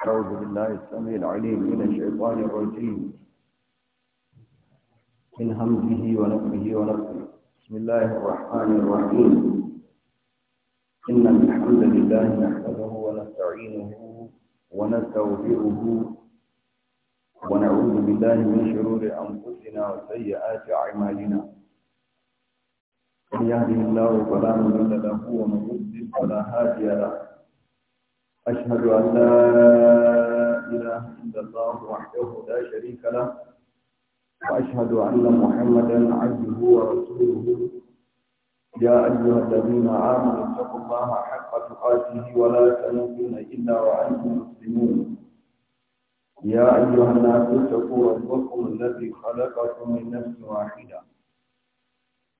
أعوذ بالله السميع العليم من الشيطان الرجيم من همزه ونفه ونفه بسم الله الرحمن الرحيم إن الحمد لله نحمده ونستعينه ونستغفره ونعوذ بالله من شرور أنفسنا وسيئات أعمالنا من يهده الله فلا مضل له ومن يضلل فلا هادي له أشهد أن لا إله إلا الله وحده لا شريك له وأشهد أن محمدا عبده ورسوله يا أيها الذين آمنوا اتقوا الله حق تقاته ولا تموتن إلا وأنتم مسلمون يا أيها الناس اتقوا ربكم الذي خلقكم من نفس واحدة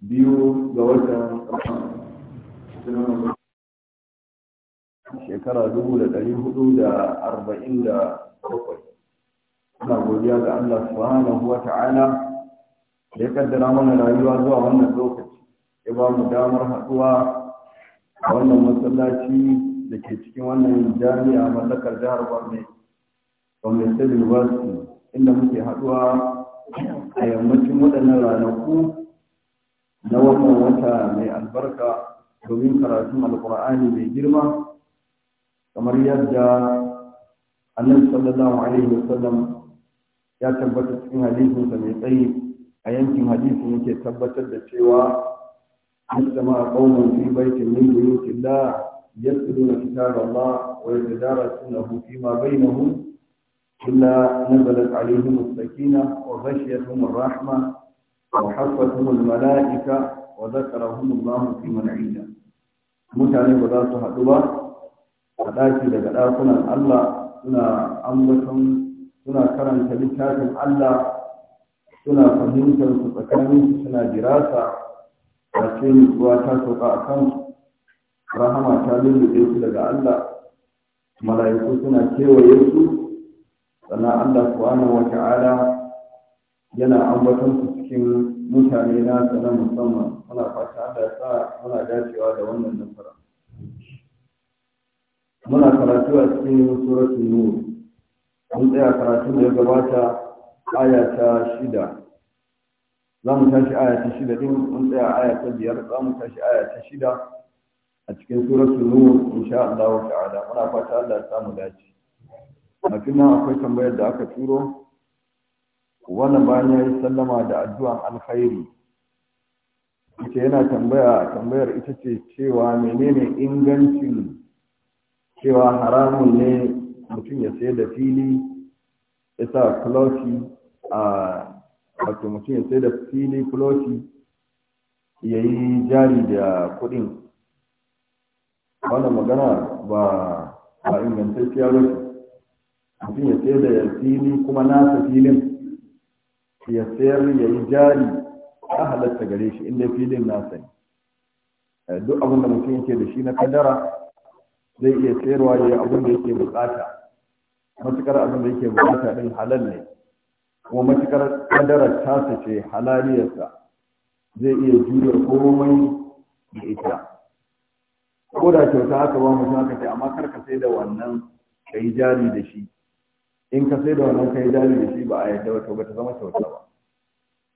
biyu ga watan shekara dubu da ɗari hudu da arba'in da bakwai suna godiya ga Allah subhanahu wa ta'ala da ya kaddara mana rayuwa zuwa wannan lokaci ya ba mu damar haɗuwa a wannan masallaci da ke cikin wannan jami'a mallakar jihar Gombe Gombe State University inda muke haɗuwa a yammacin waɗannan ranaku na wannan wata mai albarka domin karatun alkur'ani mai girma kamar yadda annabi sallallahu alaihi wasallam ya tabbata cikin hadisinsa mai tsayi a yankin hadisin yake tabbatar da cewa hasama qaumun fi baitin min buyutillah yatluna kitaballah wa yatadarasunahu fima bainahum إلا نزلت عليهم السكينة وغشيتهم الرحمة وحفتهم الملائكة وذكرهم الله في من عنده mutane ba za su haɗu ba a ɗaki daga ɗakunan Allah suna ambaton suna karanta littafin Allah suna fahimtar su tsakanin suna jirasa a ce ta sauka a kansu rahama ta lullube su daga Allah mala'iku suna kewaye su sannan Allah subhanahu wa ta'ala yana ambaton su cikin mutane na na musamman muna fata da sa muna dacewa da wannan nasara muna karatu a cikin suratul nur mun tsaya karatun da ya gabata aya ta shida za mu tashi aya ta shida din mun tsaya aya ta biyar za mu tashi aya ta shida a cikin suratul nur insha Allah ta'ala muna fata Allah ya samu dace a kuma akwai tambayar da aka turo wannan bayan ya yi sallama da addu'an alkhairi ita yana tambaya tambayar ita ce cewa menene ingancin cewa haramun ne mutum ya sayar da fili ya sa kuloti a wato mutum ya sayar da fili kuloti ya yi jari da kuɗin wannan magana ba a ingantacciya ba mutum ya sayar da fili kuma nasa filin ya sayar ya yi jari a halatta gare shi inda filin nasa ne eh, duk abin da mutum yake da shi na kadara zai iya sayarwa ya yi abin da yake bukata matukar abin da yake bukata din halal ne kuma matukar kadarar ta ce halaliyarsa zai iya juya komai da ita ko da kyauta haka ba mutum haka ce amma kar ka sai da wannan ka yi jari da shi in ka sai da wannan kai jari da shi ba a yadda wato ba ta zama kyauta ba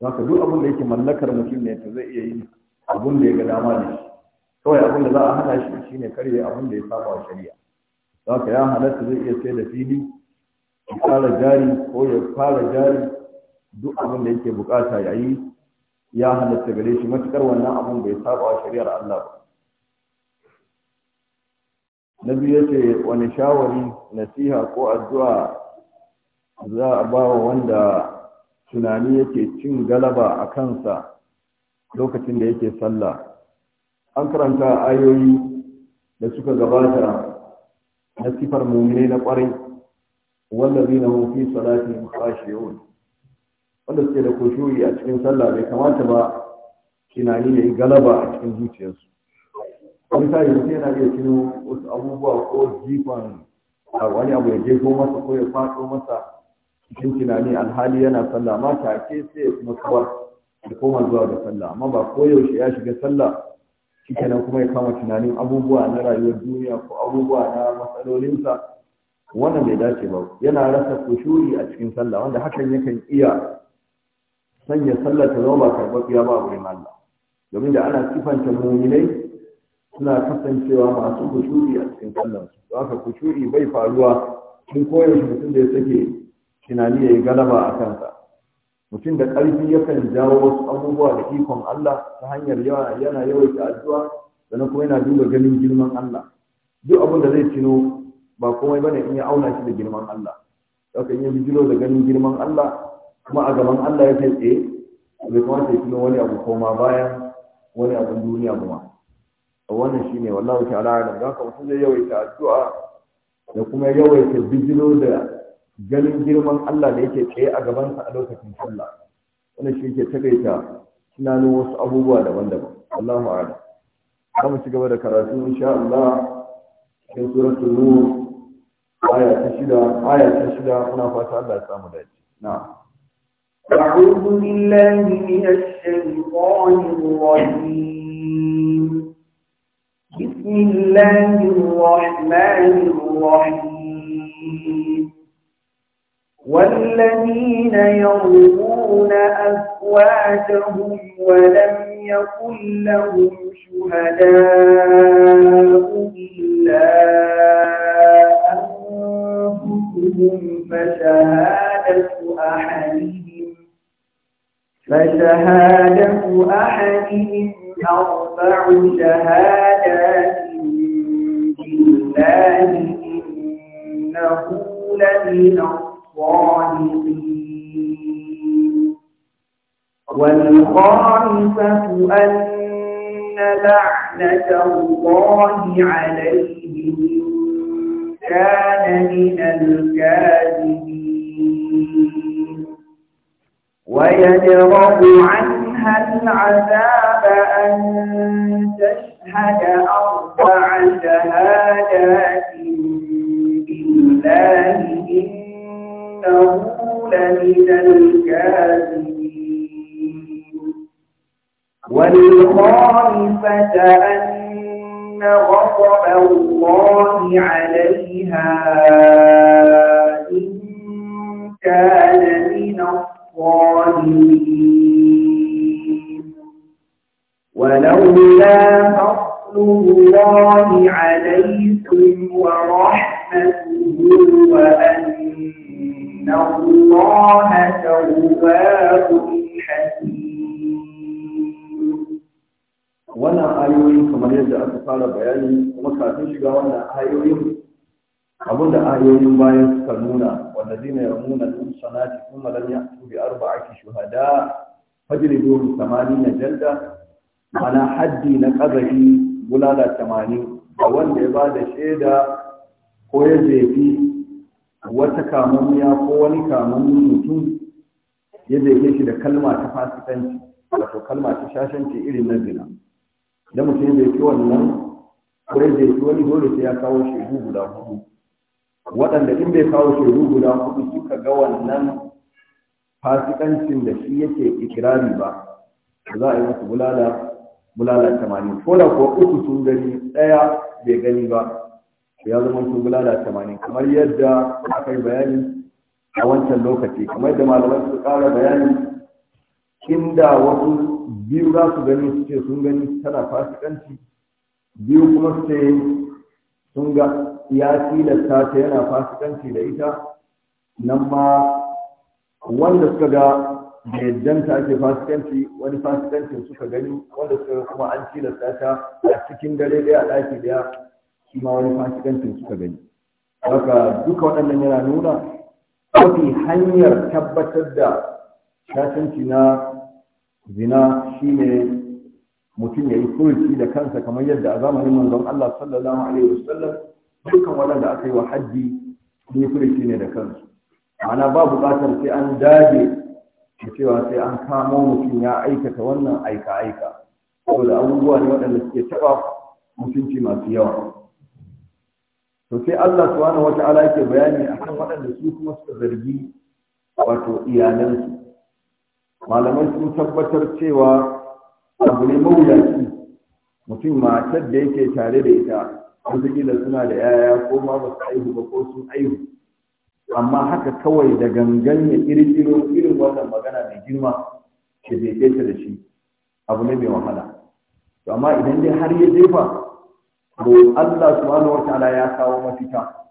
za ka duk abin da yake mallakar mutum ne ta zai iya yi abin da ya ga dama da kawai abin da za a hana shi shine karye abin da ya saba wa shari'a za ka ya halatta zai iya sai da fili ya fara jari ko ya fara jari duk abin da yake bukata ya yi ya halatta gare shi matukar wannan abin bai saba wa shari'ar Allah ba na biyu yace wani shawari nasiha ko addu'a za a ba wa wanda tunani yake cin galaba a kansa lokacin da yake sallah an karanta ayoyi da suka gabata na sifar mummune na kwarai wallafi na fi salati khashiyun wanda suke da koshori a cikin sallah bai kamata ba tunani ya yi galaba a cikin zuciyarsu wani sa yanzu yana iya cin wasu abubuwa ko jifan wani abu ya jefo masa ko ya faɗo masa cikin tunani alhali yana sallah ma take sai kuma da koma zuwa ga sallah amma ba ko yaushe ya shiga sallah nan kuma ya kama tunanin abubuwa na rayuwar duniya ko abubuwa na matsalolinsa wannan bai dace ba yana rasa kushuri a cikin sallah wanda hakan yakan iya sanya sallah ta zama ba karɓaɓɓiya ba wurin Allah domin da ana sifanta muminai suna kasancewa masu kushuri a cikin sallah su haka kushuri bai faruwa tun koyaushe mutum da ya sake tunani ya yi galaba a kansa mutum da ƙarfi yakan jawo wasu abubuwa da ikon Allah ta hanyar yawa yana yawaita addu'a sannan kuma yana duba ganin girman Allah duk abin da zai tuno ba komai bane in ya auna shi da girman Allah saka in ya bijiro da ganin girman Allah kuma a gaban Allah ya tsaye bai kamata ya tuno wani abu koma bayan wani abin duniya kuma wannan shine wallahi ta'ala da haka mutum zai yawaita addu'a da kuma yawaita bijiro da ganin girman Allah da yake tsaye a gabansa a lokacin sallah wanda shi yake takaita tunanin wasu abubuwa daban-daban Allahu a'lam za mu ci gaba da karatu insha Allah cikin suratul nur aya ta shida aya ta shida muna fata Allah ya samu dace na'am a'udhu billahi minash shaytanir rajim bismillahir rahmanir rahim والذين يرمون أفواجهم ولم يكن لهم شهداء إلا أنفسهم فشهادة أحدهم فشهادة أحدهم أربع شهادات بالله إنه لمن والخامسة أن لعنة الله عليه كان من الكاذبين ويجرب عنها العذاب أن تشهد أربع شهادات بالله وإنه والخامسة أن غضب الله عليها إن كان من الظالمين ولولا فضل الله عليكم ورحمته وأن إن الله تواب حكيم wannan ayoyin kamar yadda aka fara bayani kuma kafin shiga wannan ayoyin abinda ayoyin bayan suka nuna wanda zai mai ramuna sun sanati kuma lam ya bi arba'ati shuhada fajridu 80 jalda ana haddi na ƙazari bulala tamanin a wanda ya bada da shaida ko ya jefi wata kamammiya ko wani kamammin mutum ya jefe shi da kalma ta fasikanci wato kalma ta shashanci irin na zina da mutum ya jefe wannan ko ya jefe wani dole sai ya kawo shaidu guda hudu waɗanda in bai kawo shaidu guda hudu suka ga wannan fasikancin da shi yake ikirari ba za a yi musu bulala bulala tamanin ko da kuwa uku sun gani ɗaya bai gani ba ya zama tubula da tamanin kamar yadda aka yi bayani a wancan lokaci kamar yadda malaman su ƙara bayani inda wasu biyu za su gani su ce sun gani tana fasikanci biyu kuma su ce sun ga ya tilasta ta yana fasikanci da ita nan ma wanda suka ga da yaddanta ake fasikanci wani fasikancin suka gani wanda suka kuma an tilasta ta a cikin dare daya a ɗaki daya shi ma wani fasikancin suka gani haka duka waɗannan yana nuna mafi hanyar tabbatar da shashanci na zina shine mutum ya yi furuci da kansa kamar yadda a zamanin manzon Allah sallallahu alaihi wasallam dukkan waɗanda aka yi wa hajji sun yi furuci ne da kansu ma'ana ba buƙatar sai an dage da cewa sai an kamo mutum ya aikata wannan aika-aika saboda abubuwa ne waɗanda suke taɓa mutunci masu yawa to sai Allah subhanahu wata'ala yake bayani akan waɗanda su kuma suka zargi wato iyalansu malamai sun tabbatar cewa abu ne mawuyaci mutum matar da yake tare da ita wataƙila suna da yaya ko ma ba su aihu ba ko sun aihu amma haka kawai da gangan ya irin wannan magana mai girma da bai da shi abu ne mai wahala to amma idan dai har ya jefa to Allah subhanahu ta'ala ya kawo mafita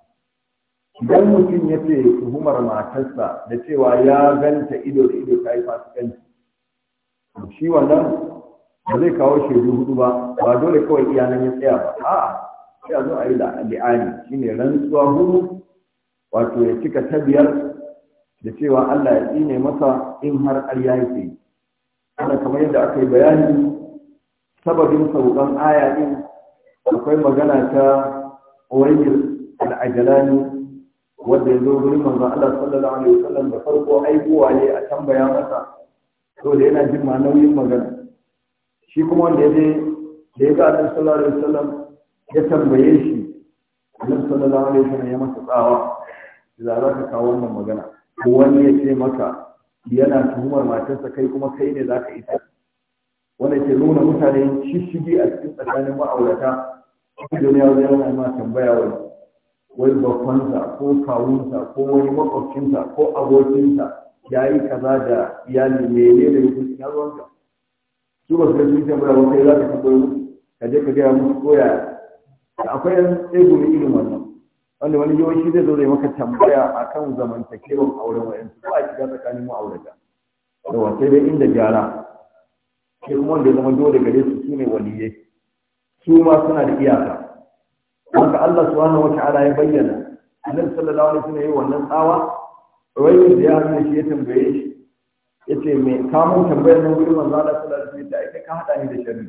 idan mutum ya ce tuhumar matarsa da cewa ya ganta ido da ido ta yi fasikanci shi wannan ba zai kawo shaidu hudu ba ba dole kawai nan ya tsaya ba a'a sai a zo a yi li'ani shine rantsuwa hudu wato ya cika ta biyar da cewa Allah ya tsine masa in har ƙarya yake ana kamar yadda aka yi bayani sababin saukan aya din akwai magana ta uwayyar al'ajalani wanda ya zo gurin manzon Allah sallallahu alaihi wasallam da farko aikowa ne a tambaya masa to da yana jin ma nauyin magana shi kuma wanda ya je da ya ga Annabi sallallahu alaihi wasallam ya tambaye shi Annabi sallallahu alaihi wasallam ya masa tsawa da za ka kawo wannan magana ko wani ya ce maka yana tuhumar matarsa kai kuma kai ne za ka isa wanda ke nuna mutane shishigi a cikin tsakanin ma'aurata da ya zai yana ma tambaya wai wai babbansa ko kawunsa ko wani makwabcinsa ko abokinsa ya yi kaza da iyali mene da yake ina ruwanka su ba su ga sun tambaya wa kai za ka tambaye musu ka je ka gaya musu koya akwai yan tsego ne irin wannan wanda wani yawanci zai zo zai maka tambaya akan zamantakewar auren wa'yansu ba a shiga tsakanin ma'aurata da sai dai inda gyara sai kuma wanda ya zama dole gare su su ne waliyai su ma suna da iyaka haka Allah wata ala ya bayyana annabi sallallahu alaihi wasallam yayin wannan tsawa wai da ya hana shi ya tambaye shi yace me ka mun tambayar nan gurin manzo Allah sallallahu alaihi wasallam da ka hada ni da sharri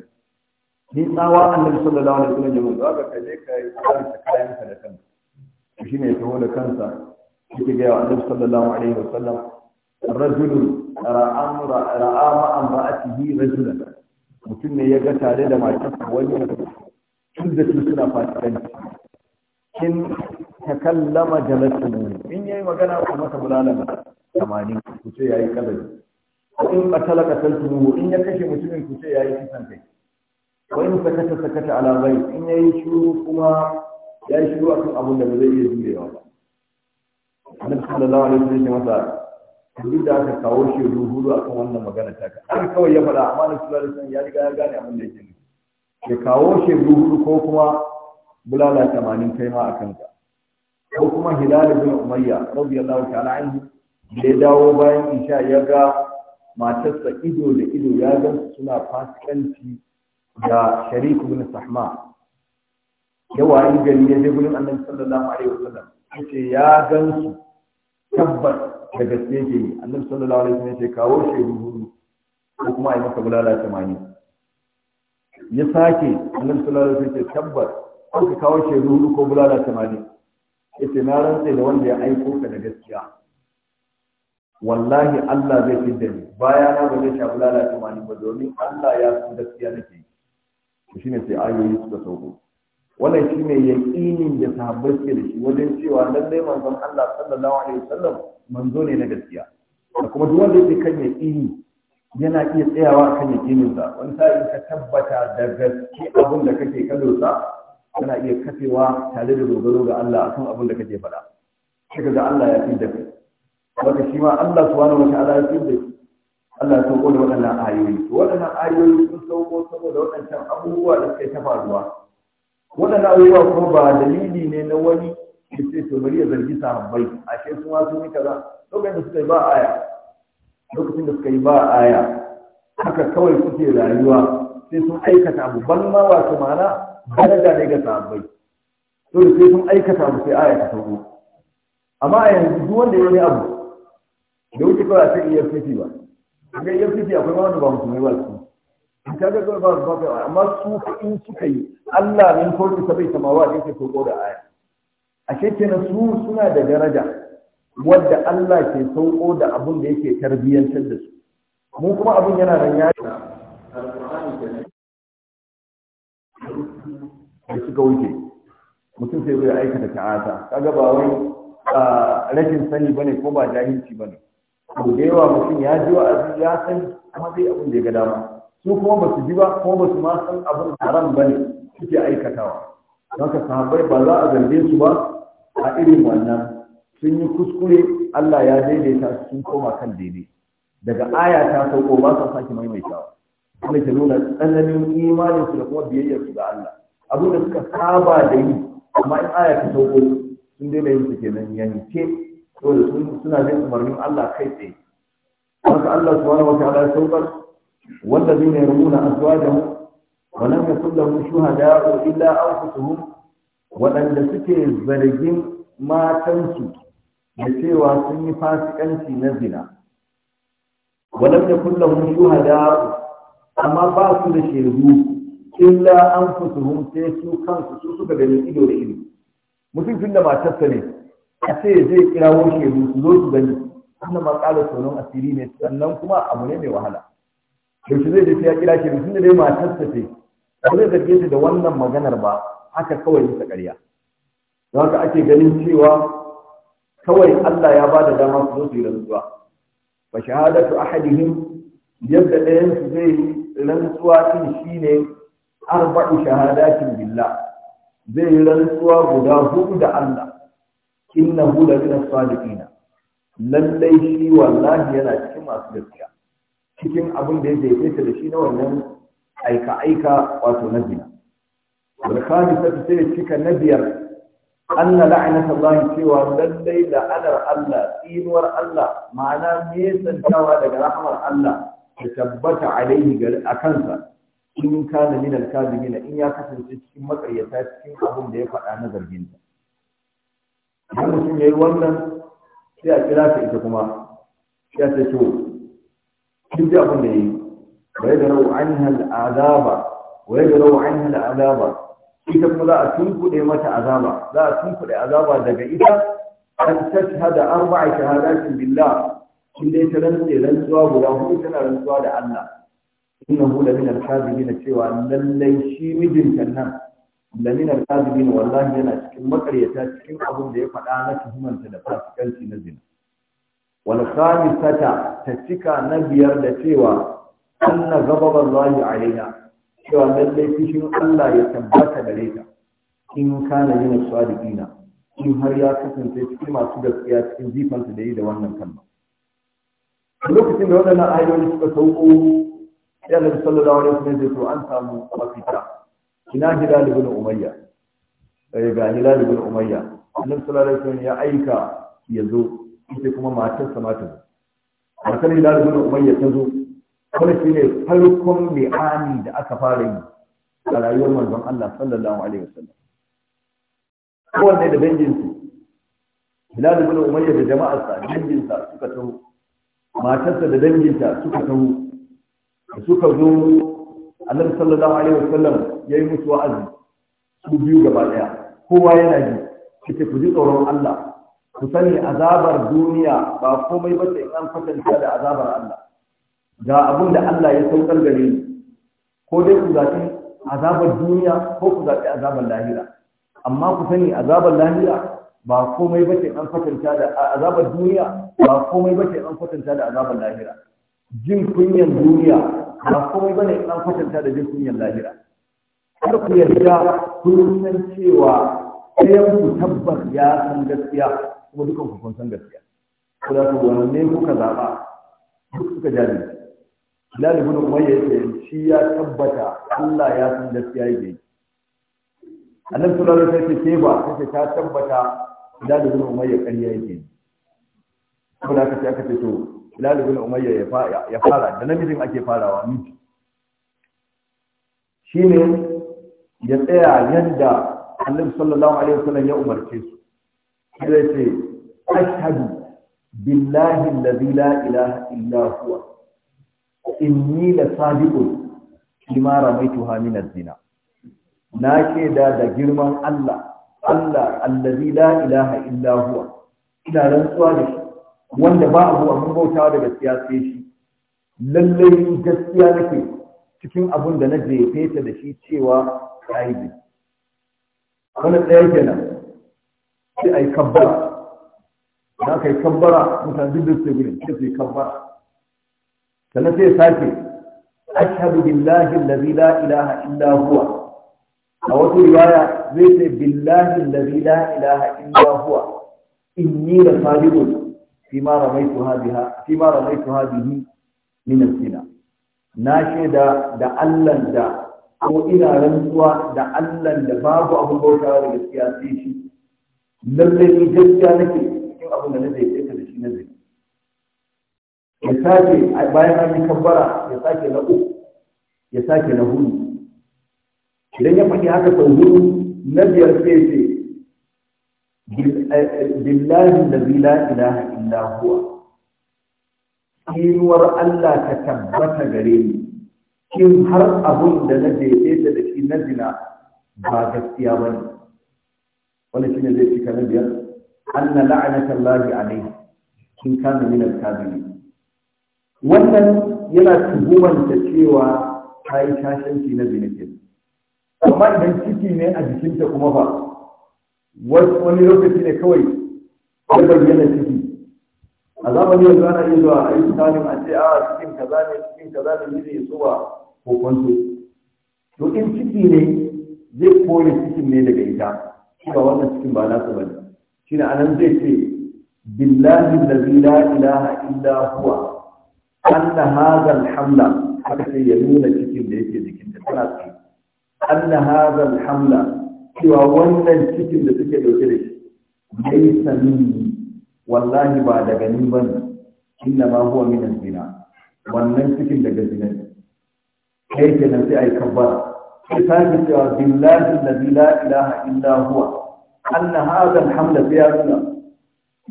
ni tsawa annabi sallallahu alaihi wasallam ya mun zaka ka je ka yi tsarka kayan ka da kanka shine ya taho da kansa yake ga annabi sallallahu alaihi wasallam rajulun ra'a ma'an ra'atihi rajulan mutum ne ya ga tare da matarsa wani tun da su suna fasikanci kin takallama jalasun in yayi magana ku masa bulalama tamanin ku ce yayi kadari in qatala qataltu in ya kashe mutumin ku ce yayi kisan kai wa in sakata sakata ala bai in yayi shiru kuma yayi shiru akan abun da ba zai iya jurewa ba annabi sallallahu alaihi wasallam duk da aka kawo shi ruhuru a kan wannan magana ta ka an kawai ya faɗa amma na sura sun ya riga ya gane abin da yake ne ya kawo shi ruhuru ko kuma bulala tamanin kai ma a kanka ko kuma hilal bin umayya radiyallahu ta'ala anhu da ya dawo bayan isha ya ga matarsa ido da ido ya ga suna fasikanci da sharik bin sahma ya wayi gari ya je gurin annabi sallallahu alaihi wasallam yace ya gan su tabbas da gaske ke yi annab sallallahu alaihi wasallam ya ce kawo shaidu hudu ko kuma a yi masa bulala tamanin ya sake annab sallallahu alaihi wasallam ya ce tabbas ko ka kawo shaidu hudu ko bulala tamanin ya ce na rantse da wanda ya aiko ka da gaskiya wallahi Allah zai fidda ni baya na ba zai sha bulala tamanin ba domin Allah ya san gaskiya nake shi ne sai ayoyi suka sauko wannan shi ne yaƙinin da sahabbai suke da shi wajen cewa lallai manzon Allah sallallahu alaihi wasallam manzo ne na gaskiya da kuma duk wanda yake kan yaƙini yana iya tsayawa kan yaƙinin sa wani sa'in ka tabbata da gaske abin da kake kallo sa kana iya kafewa tare da dogaro ga Allah akan abin da kake faɗa Shiga da Allah ya fi da kai wanda shi ma Allah subhanahu wa ta'ala ya fi da kai Allah ya sauko da waɗannan ayoyi waɗannan ayoyi sun sauko saboda waɗancan abubuwa da suke ta faruwa waɗannan abubuwa kuma ba dalili ne na wani da ce to bari ya zargi sahabbai a ce su ma sun yi kaza lokacin da suka yi ba aya lokacin da suka yi ba aya haka kawai suke rayuwa sai sun aikata abu ban ma ba su ma'ana daraja ne ga sahabbai to da sai sun aikata abu sai aya ta sauko amma a yanzu duk wanda ya yi abu da wuce kawai a ce fiti ba iya fiti akwai ma wanda ba musulmai ba su ka ga ba ba ka amma su in suka yi Allah min fawqi sabai samawa da yake sauko da aya ashe kenan su suna da daraja wadda Allah ke sauko da abun da yake tarbiyyantar da su mu kuma abun yana nan ya alqur'ani da suka wuce mutum sai zai aikata ta'ata kaga ba wai rashin sani bane ko ba jahilci bane to da yawa mutum ya ji wa'azi ya san amma zai abun da ya ga dama su kuma ba su ji ba kuma ba su ma san abin haram ba ne suke aikatawa don ka sahabbai ba za a zarge su ba a irin wannan sun yi kuskure Allah ya daidaita sun koma kan daidai daga aya ta sauko ba sa sake maimaitawa kuma ke nuna tsananin imaninsu da kuma biyayyarsu ga Allah abin da suka saba da yi amma in aya ta sauko sun daina yin su kenan yanke saboda suna jin umarnin Allah kai tsaye. Allah subhanahu wa ta'ala ya saukar والذين يرمون أزواجهم ولم يكن لهم شهداء إلا waɗanda suke zargin matansu da cewa sun yi fasikanci na zina walam ya kulla mun shuhada amma ba su da shaidu illa an fusuhum sai su kansu su suka ido da ido mutum tun da matarsa ne a ce zai kirawo shaidu su zo su gani wannan ma ƙara asiri ne sannan kuma abu ne mai wahala yaushe zai je kira shi tun da dai matar ta ce ba zai zarge shi da wannan maganar ba haka kawai bisa ƙarya don haka ake ganin cewa kawai Allah ya ba da dama su zo su yi rantsuwa Ba shahadatu ahadihim yadda ɗayan su zai rantsuwa din shine arba'u shahadatin billah zai yi rantsuwa guda hudu da Allah innahu la min as-sadiqina lallai shi wallahi yana cikin masu gaskiya cikin abin da ya jefe ta da shi na wannan aika-aika wato na zina wani kawai sai sai cika na biyar an na la'inata Allah cewa lallai la'anar Allah tsinuwar Allah ma'ana nesantawa daga rahamar Allah ta tabbata alaihi a kansa in kana min alkazimina in ya kasance cikin matsayyata cikin abin da ya faɗa na zarginta idan mutum ya yi wannan sai a kira ta ita kuma sai a ce duk da abin da ya yi wa ya garau an wa ya garau an ita kuma za a tunkuɗe mata azaba za a tunkuɗe azaba daga ita an da arba'a shahadatin billah Shin dai ta rantse rantsuwa guda hudu tana rantsuwa da Allah innahu la min al-kadhibin cewa lallai shi mijinta nan Laminar min al-kadhibin wallahi yana cikin makaryata cikin abin da ya faɗa na tuhumanta da fasikanci na zina wal khamisata ta cika na biyar da cewa anna ghadab Allah alaina cewa lallai fishin Allah ya tabbata gare ta in kana yin sadiqina in har ya kasance cikin masu gaskiya cikin jifanta da yi da wannan kalma lokacin da waɗannan ayoyi suka sauko ya nabi sallallahu alaihi wasallam ya to an samu mafita ina hilal ibn umayya eh ga hilal ibn umayya annabi sallallahu alaihi wasallam ya aika ya zo ita kuma matar sa matar yi hilal na umar ta zo kuma shi ne farkon li'ani da aka fara yi a rayuwar manzon Allah sallallahu alaihi wasallam kowanne da danginsu Bilal ibn Umayya da jama'arsa danginsa suka taho matarsa da danginta suka taho da suka zo Annabi sallallahu alaihi wasallam yayi musu wa'azi su biyu gaba daya kowa yana ji kike ku ji tsoron Allah ku sani azabar duniya ba komai ba ce an kwatanta da azabar Allah ga abin da Allah ya saukar gare ni ko dai ku zaɓi azabar duniya ko ku zaɓi azabar lahira amma ku sani azabar lahira ba komai ba ce an kwatanta da azabar duniya ba komai ba ce an kwatanta da azabar lahira jin kunyan duniya ba komai ba ne an kwatanta da jin kunyan lahira har ku yarda kun san cewa sai ku tabbas ya san gaskiya kuma dukan ku kun san gaskiya ko da ku ne kuka zaɓa duk suka jabi Bilal Umar Umayya yace shi ya tabbata Allah ya san gaskiya yake Annabi sallallahu alaihi wasallam yace ba ce ta tabbata Bilal ibn Umayya ƙarya yake ko da aka ce aka ce to Bilal bin Umayya ya fara da namijin ake farawa miji shine ya tsaya yadda Allah sallallahu alaihi wasallam ya umarce su sai ce ashhadu billahi allazi la ilaha illa huwa inni la sadiqun kima ramaituha min az-zina na shaida da girman Allah Allah allazi la ilaha illa huwa ina rantsuwa da shi wanda ba abu abun bauta da gaskiya sai shi ni gaskiya nake cikin abun da na jefe ta da shi cewa ta yi wannan ɗaya kenan sai a yi kambara, da aka yi kambara, mutane duk duk sai gudun sai su yi kambara. sannan sai sake ashhadu billahi allazi la ilaha illa huwa a wasu riwaya zai sai billahi allazi la ilaha illa huwa inni la sadiqun fi ma ramaitu hadhiha fi ma ramaitu hadhihi na shaida da allan da ko ina rantsuwa da allan da babu abin bauta da gaskiya sai shi lallai ni gaskiya nake cikin abin da na zai ka da shi na zai ya sake bayan an yi kabbara ya sake na uku ya sake na hudu idan ya faɗi haka sau hudu na biyar sai ce eh, billahi da la ilaha illa huwa kinuwar Allah ta tabbata gare ni kin har abun da na daidaita da shi na zina ba gaskiya ba ne wani shine zai cika na biyar anna la'anata allahi alayhi in kana min al-kabirin wannan yana tuhumanta cewa ta yi shashanci na zinikin amma idan ciki ne a jikinta kuma ba wani lokaci ne kawai ya bayyana ciki a zamani yanzu ana yin zuwa a yi tsanin a ce a ah, cikin kaza ne cikin kaza ne ne so ba ko kwanto to in ciki ne zai kore cikin ne daga ita cewa wannan cikin ba nasu bane shine anan zai ce billahi da la ilaha illa huwa anna hadha alhamla haka sai ya nuna cikin da yake jikin da tana tsaye anna hadha alhamla cewa wannan cikin da suke dauke da shi laysa minni wallahi ba daga ni bane inna ma huwa min zina wannan cikin daga zina kai kenan sai a yi kabbara misali cewa billahi alladhi la ilaha illa huwa anna hadha alhamda fi yasna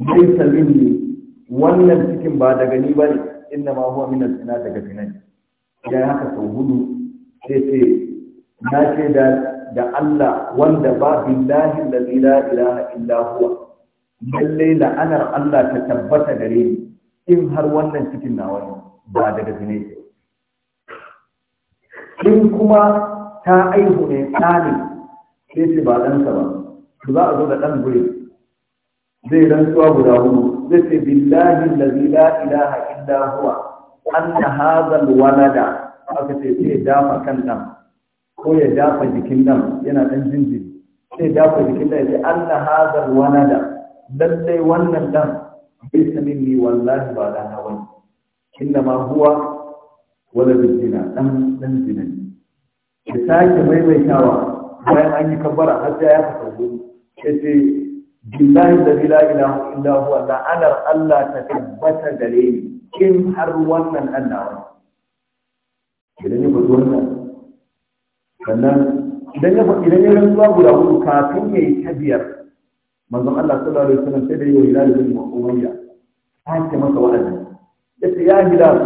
laysa minni wannan cikin ba daga ni bane inna ma huwa min al daga finan ya haka sau hudu sai ce na ce da da Allah wanda ba billahi alladhi la ilaha illa huwa Lallai la'anar Allah ta tabbata gare ni in har wannan cikin nawa ne ba daga zine in kuma ta aihu ne ɗani sai ce ba ɗansa ba to za a zo da ɗan gure zai rantsuwa guda hudu zai ce billahi lazi la ilaha illa huwa anna hadha walada aka ce sai dafa kan ɗan ko ya dafa jikin ɗan yana ɗan jinjiri sai dafa jikin ɗan ya ce anna hadha walada lallai wannan ɗan bai sanin ni wallahi ba da wani inda ma huwa wala bijina ɗan ɗan zina ya sake maimaitawa bayan an yi kabbara har sai ya fasa gudu ya ce billahi da bila ila illa huwa la'anar Allah ta tabbata gare ni Kin har wannan Allah wani idan ya faɗi wannan sannan idan ya faɗi idan ya rantsuwa guda hudu kafin ya yi ta biyar manzon Allah sallallahu alaihi wasallam sai da yau hilal bin umayya ke masa wa'azi Ya ce ya hilal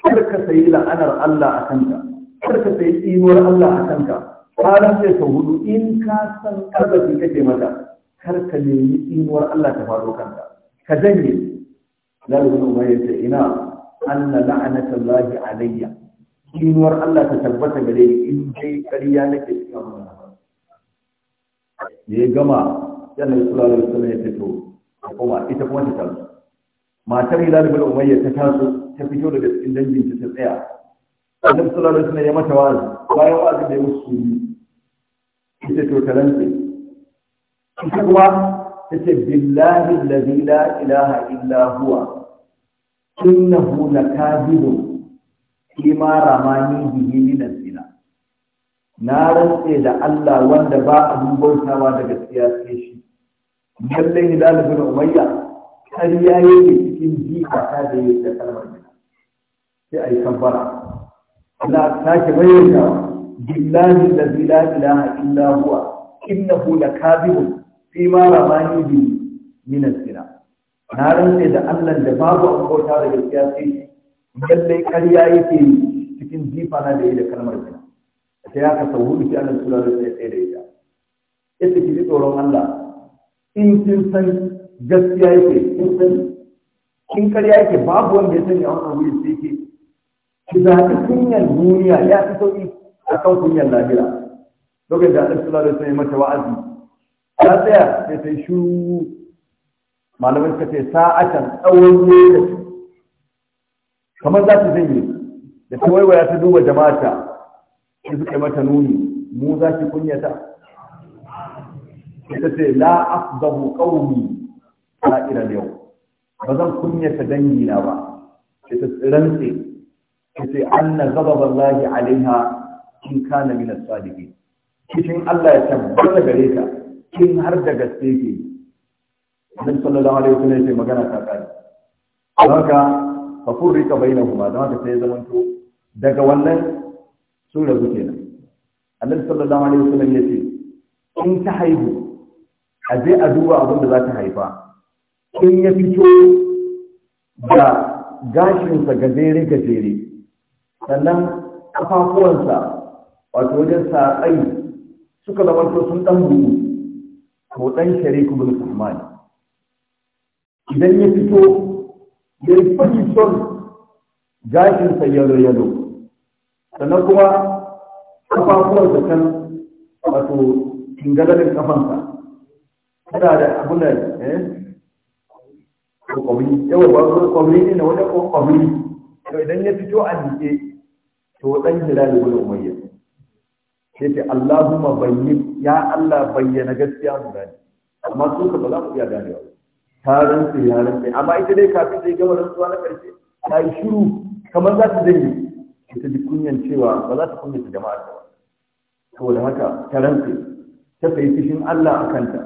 kar ka sayi la'anar Allah a kanka karka sai inuwar Allah a kanka ƙarar sai ka hudu in ka san ƙarfafi kake mata karka nemi inuwar Allah ta faɗo kanka ka janye lalibin umar ya ce ina anna la'anata a alayya inuwar Allah ta tabbata gare ni in dai ƙarya nake cikin wannan da ya gama yana da da ya fito ya koma ita kuma ta taso matar hilal bin umayya ta taso ta fito daga cikin danginta ta tsaya annabi sallallahu alaihi wasallam ya mata wa'azi bayan wa'azi da ya musu sunni ita to ta rantse ita kuma ta ce billahi allazi la ilaha illa huwa innahu lakadibun kima ramani bihi min zina na rantse da Allah wanda ba a bautawa da gaskiya sai shi lallai hilal dalibin umayya har ya yi cikin jika ta da yake kalmar sai a yi kafara Na sake bayyana billahi allazi la ilaha illa huwa innahu lakadibun fi ma ramani bi min asira na rantse da Allah da babu abota da gaskiya sai lallai ƙarya yake cikin jifa na da yi da kalmar zina sai ya ka sau hudu sai Allah sallallahu ya wasallam da ita yace ki tsoron Allah in kin san gaskiya yake kin san kin ƙarya yake babu wanda ya sanya wannan wuri sai ke ki zaɓi kunyan duniya ya fi sauƙi a kan kunyan lahira lokacin da annabi sallallahu alaihi wasallam mata wa'azi ta tsaya sai ta yi shuru malamai suka ce sa'atan tsawon lokaci kamar za ta zanye da ta waiwaya ta duba jama'ata sai suka mata nuni mu za ki kunyata ita ce la afdahu qawmi sa'ira yau ba zan kunyata dangina ba sai ta kace anna ghadaballahi alaiha kin kana min as-sadiqin kishin Allah ya tabbata gare ka kin har da gaske ke Annabi sallallahu alaihi wasallam yace magana ta kai haka fa furrika bainahuma dan haka sai zamanto daga wannan sun rabu kenan Annabi sallallahu alaihi wasallam yace in ta haihu a je a duba abin da za ta haifa in ya fito da gashinsa gajere gajere sannan kafafuwansa wato wajen saƙai suka zama sun ɗan bugu ko ɗan shariku bin sahmani idan ya fito ya yi fahimtar son gashinsa yalo yalo sannan kuma kafafuwansa kan wato tingalarin kafansa tana da abin da eh ko kwabri yawa ba kwabri ne na ko kwabri to idan ya fito a nike to dan ne ibn umayya sai ce Allahumma bayyin ya Allah bayyana gaskiya mu gani amma su ka ba za mu iya ganewa tarin su ran sai amma ita dai kafin sai gama rantsuwa na karshe ta yi shiru kamar za ta danyi ita ji kunyan cewa ba za ta ta jama'a ta ba saboda haka ta rantsi ta sayi fishin Allah a kanta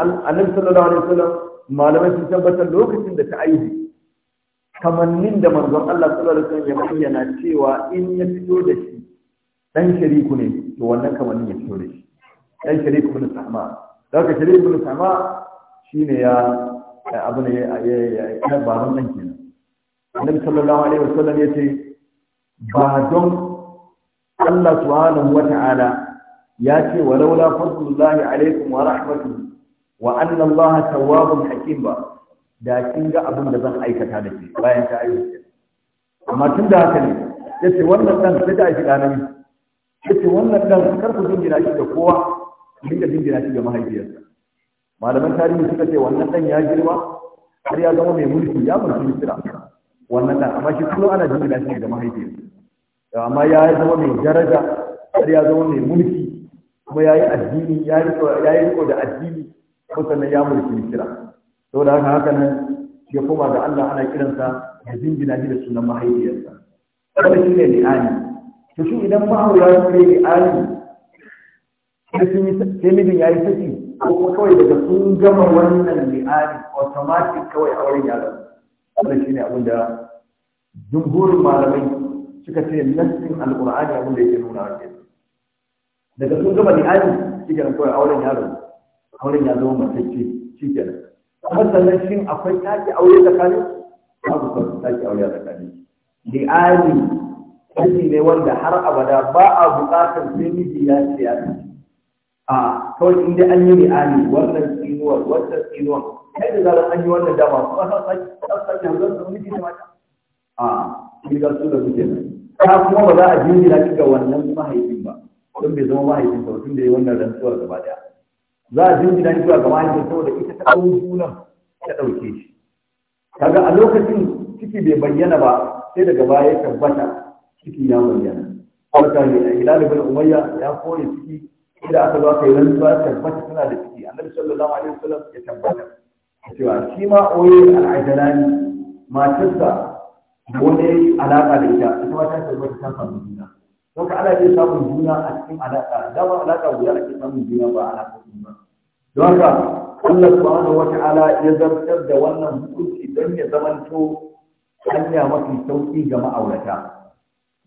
annabi sallallahu alaihi wasallam malamai sun tabbatar lokacin da ta aihu kamannin da manzon Allah sallallahu alaihi wasallam ya bayyana cewa in ya fito da shi dan shariku ne to wannan kamannin ya fito da shi dan shariku bin sama daga shariku bin sama shine ya abu ne ya ya baban nan kenan annabi sallallahu alaihi wasallam yace ba don Allah subhanahu wata'ala ya ce walaula fadlullahi alaikum wa rahmatuhu wa anna Allah tawwabun hakim ba da kin ga abin da zan aikata da ke bayan ta aiki amma tun da haka ne ya ce wannan ɗan sai ta aiki ɗanami ya ce wannan ɗan kar ku jingina shi da kowa ku dinga jingina shi da mahaifiyarsa malaman tarihi suka ce wannan ɗan ya girma har ya zama mai mulki ya mulki misira wannan ɗan amma shi kullum ana jingina shi da mahaifiyarsa amma ya zama mai daraja har ya zama mai mulki kuma ya yi addini ya yi riko da addini kuma sannan ya mulki misira saboda haka haka nan ya koma da Allah ana kiransa ya jinjina shi da sunan mahaifiyarsa wanda shi ne li'ani to shi idan ma'aura su ne li'ani sai sun yi mijin ya yi saki ko kuma kawai daga sun gama wannan li'ani automatic kawai a wurin yaro? wannan shi ne abin da jumhurin malamai suka ce nassin alqur'ani abin da yake nuna wa daga sun gama li'ani shi kenan kawai wurin yaro, a wurin ya zama matacce shi kenan kuma sannan shin akwai taki aure tsakanin babu kan taki aure tsakanin li'ani kashi ne wanda har abada ba a buƙatar sai miji ya ce ya a kawai in dai an yi li'ani wannan tsinuwar wannan tsinuwar kai da zarar an yi wannan dama kuma sa sake sake hanzar da miji da mata a shi ga su da muke nan ta kuma ba za a jinjina ki ga wannan mahaifin ba don bai zama mahaifin ba tun da ya yi wannan rantsuwar gaba daya za a jingina zuwa ga mahaifin saboda ita ta ɗau junan ta ɗauke shi kaga a lokacin ciki bai bayyana ba sai daga baya ya tabbata ciki ya bayyana wata ne a da ibn umayya ya kore ciki inda aka zo aka yi rantsuwa ya tabbata suna da ciki annabi sallallahu alaihi wasallam ya tabbata cewa shi ma oye al'ajalani matarsa wani alaƙa da ita ita ma ta tabbata ta samu don ka ana iya samun juna a cikin alaƙa dama alaƙa guda ake samun juna ba alaƙa ba don haka Allah subhanahu wata'ala ya zartar da wannan hukunci don ya zamanto hanya mafi sauƙi ga ma'aurata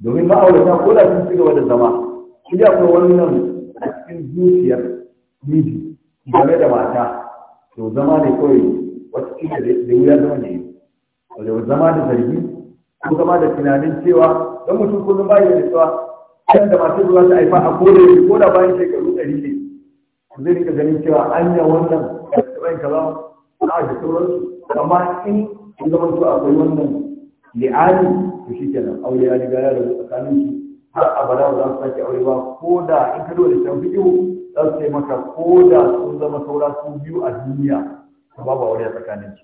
domin ma'aurata ko da sun ci da zama shi akwai wannan a cikin zuciyar miji game da mata to zama ne kawai wata ƙila da wuya zama ne da zama da zargi ko zama da tunanin cewa don mutum kullum ba ya da cewa kan da masu zuwa su haifa a koda yake ko da bayan shekaru ɗari ne zai rika ganin cewa anya wannan ran kaza a da sauransu amma in sun zama su akwai wannan li'ani to shi kenan aure ya riga ya rabu tsakanin su har a ba za su sake aure ba ko da in ka dole can fiƙihu za su ce maka ko da sun zama saura su biyu a duniya babu aure a tsakanin su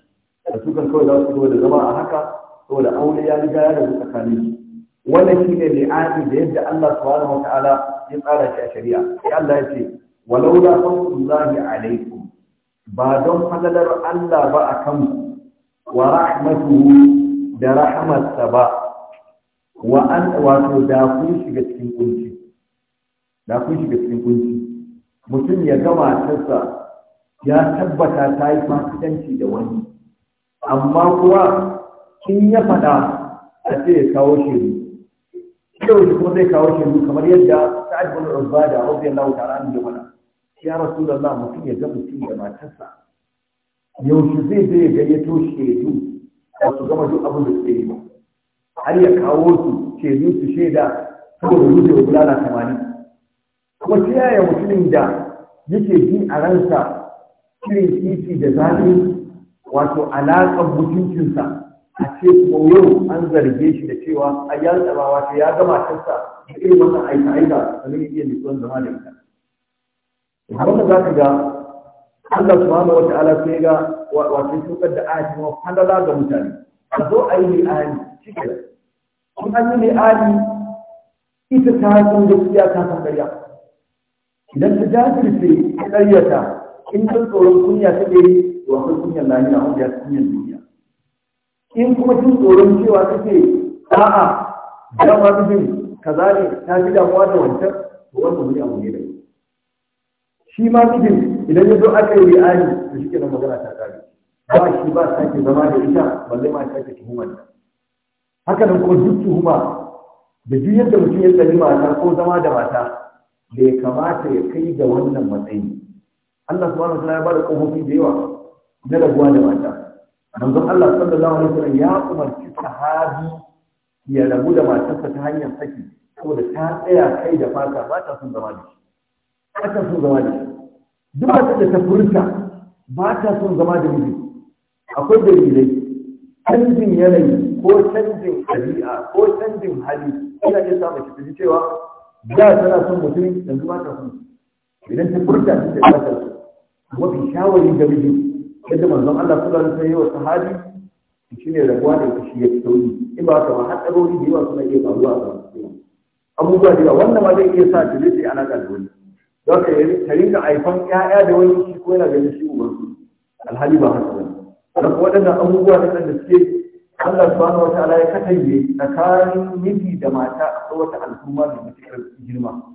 da su kan kawai za su da zama a haka saboda aure ya riga ya rabu tsakanin su wannan shi ne li'ani da yadda Allah subhanahu wa ta'ala ya tsara shi a shari'a sai Allah ya ce walaula fadlullahi alaikum ba don fadalar Allah ba akan wa rahmatuhu da rahmatsa ba wa an wato da kun shiga cikin kunci da kun shiga cikin kunci mutum ya gama tarsa ya tabbata ta yi fasikanci da wani amma kuwa kin ya faɗa a ce ya kawo shiru yau kuma zai kawo shi kamar yadda sa'ad bin ubada radiyallahu ta'ala anhu ya faɗa ya rasulullah mutum ya ga mutum da matarsa yau shi zai je ya gayyato shedu da su gama duk abin da suke yi ba har ya kawo su shedu su shaida saboda da bulala tamanin kuma ta yaya mutumin da yake ji a ransa irin titi da zafi wato alaƙar mutuncinsa a ce ko yau an zarge shi da cewa a ya tsabawa ce ya gama tassa da irin wannan aika aika sannan ya iya nutsuwan zama da ita haka za ka ga Allah subhanahu wata'ala sai ga wato tukar da ayati kuma fadala ga mutane a zo a yi li'ani cikin kun an yi li'ani ita ta san gaskiya ta san ƙarya idan ta jajirce ta ƙaryata in ta tsoron kunya ta ɗaya to akwai na lahira wanda ya kunyan duniya in kuma jin tsoron cewa take a'a dama mijin kaza ne ta fi damuwa da wancan to wanda muni a muni da shi ma mijin idan ya zo aka yi ri'ani to shi kenan magana ta kare ba shi ba sake zama da ita balle ma sake tuhumar ta haka nan kuma duk tuhuma da duk yadda mutum ya tsari mata ko zama da mata bai kamata ya kai ga wannan matsayi Allah subhanahu wa ta'ala ya bada kofofi da yawa na rabuwa da mata manzon Allah sallallahu alaihi wasallam ya umarci sahabi ya rabu da matarsa ta hanyar saki saboda ta tsaya kai da fata ba ta son zama da shi ba ta son zama da shi duk da ta furta ba ta son zama da miji akwai dalilai canjin yanayi ko canjin ɗabi'a ko canjin hali ina iya samun shi ji cewa da tana son mutum yanzu ba ta son idan ta furta ta ce ta ta son mafi shawari miji yadda manzon Allah sallallahu alaihi wasallam ya wa sahabi ne rabuwa da shi ya tsauri in ba ka ba hadarori da yawa suna iya faruwa a cikin abubuwa da yawa wannan ma zai iya sa ta zai alaka da wani don ka yi tarin da aifan 'ya'ya da wani shi ko yana ganin shi uban su alhali ba haka bane don waɗannan abubuwa da da suke Allah su bani wata ala ya katange tsakanin miji da mata a wata al'umma da mutukar girma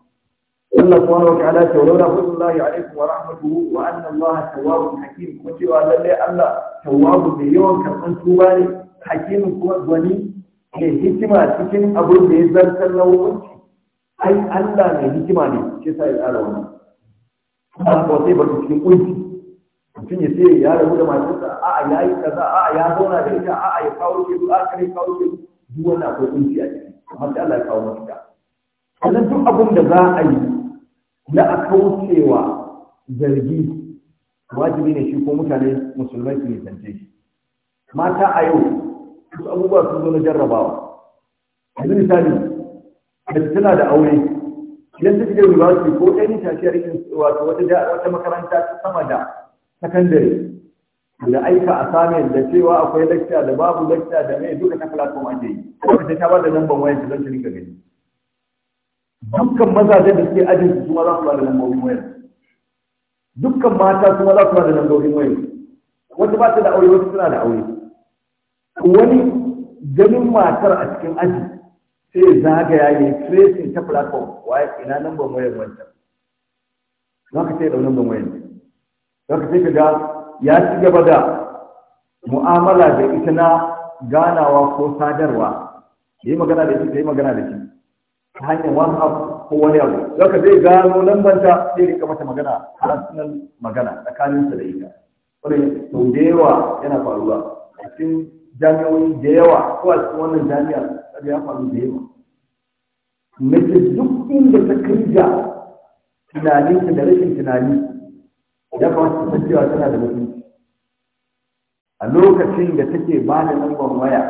الله سبحانه وتعالى ولولا فضل الله عليكم ورحمته وأن الله تواب حكيم وتوى لله الله تواب بيوم كمان توباني حكيم وني mai hikima cikin abin da ya zartar na hukunci ai Allah mai hikima ne shi sa ya tsara Kuma ba sai ba cikin kunci mutum ya sai ya rabu da ya yi kaza a'a ya zauna da ita a'a ya kawo shi a'a kare kawo shi duk wannan akwai kunci a ciki amma da Allah ya kawo mafita sannan duk abin da za a yi na a kaucewa zargi wajibi ne shi ko mutane musulmai su zance shi mata a yau su abubuwa sun zo na jarrabawa yanzu misali da tana da aure idan ta shiga university ko ɗan tashiyar wato wata makaranta ta sama da sakandare da aika a samun da cewa akwai lakta da babu lakta da mai duka ta platform ake yi ta ba da lambar wayar ta zan ga gari. gani dukkan mazajen da suke ajin su kuma za su ba da lambobin wayar dukkan mata kuma za su da lambobin wayar wata ba ta da aure wata suna da aure wani ganin matar a cikin aji sai ya zagaya ya yi tracing ta platform waye ina lambar wayar wancan za ka sai da lambar wayar za ka sai ka ga ya ci gaba da mu'amala da ita na ganawa ko sadarwa ya yi magana da shi ta yi magana da shi ta hanyar wani abu ko wani abu zaka zai gano lambanta zai rika mata magana harsunan magana tsakaninsa da ita wani sau da yawa yana faruwa a cikin jami'o'i da yawa ko a cikin wannan jami'ar da ya faru da yawa mace duk inda ta kai ga ta da rashin tunani ya kamata ta cewa tana da mutunci a lokacin da take ba da lambar waya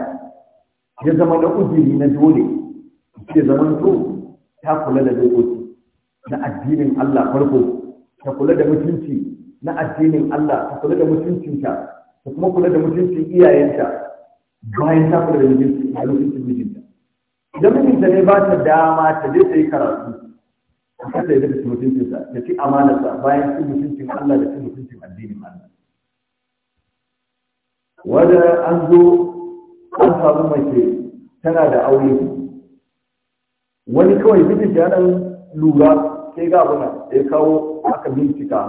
ya zama na uzuri na dole ke zaman to ta kula da dokoki na addinin Allah farko ta kula da mutunci na addinin Allah ta kula da mutuncinta ta kuma kula da mutuncin iyayenta bayan ta kula da mijinta idan mijinta ne ba ta dama ta je ta yi karatu ta ta mutuncinsa ta ci amanarsa bayan cin mutuncin Allah da cin mutuncin addinin Allah wanda an zo an samu mace tana da aure wani kawai bijin ya dan lura sai ga abuna ya kawo aka bincika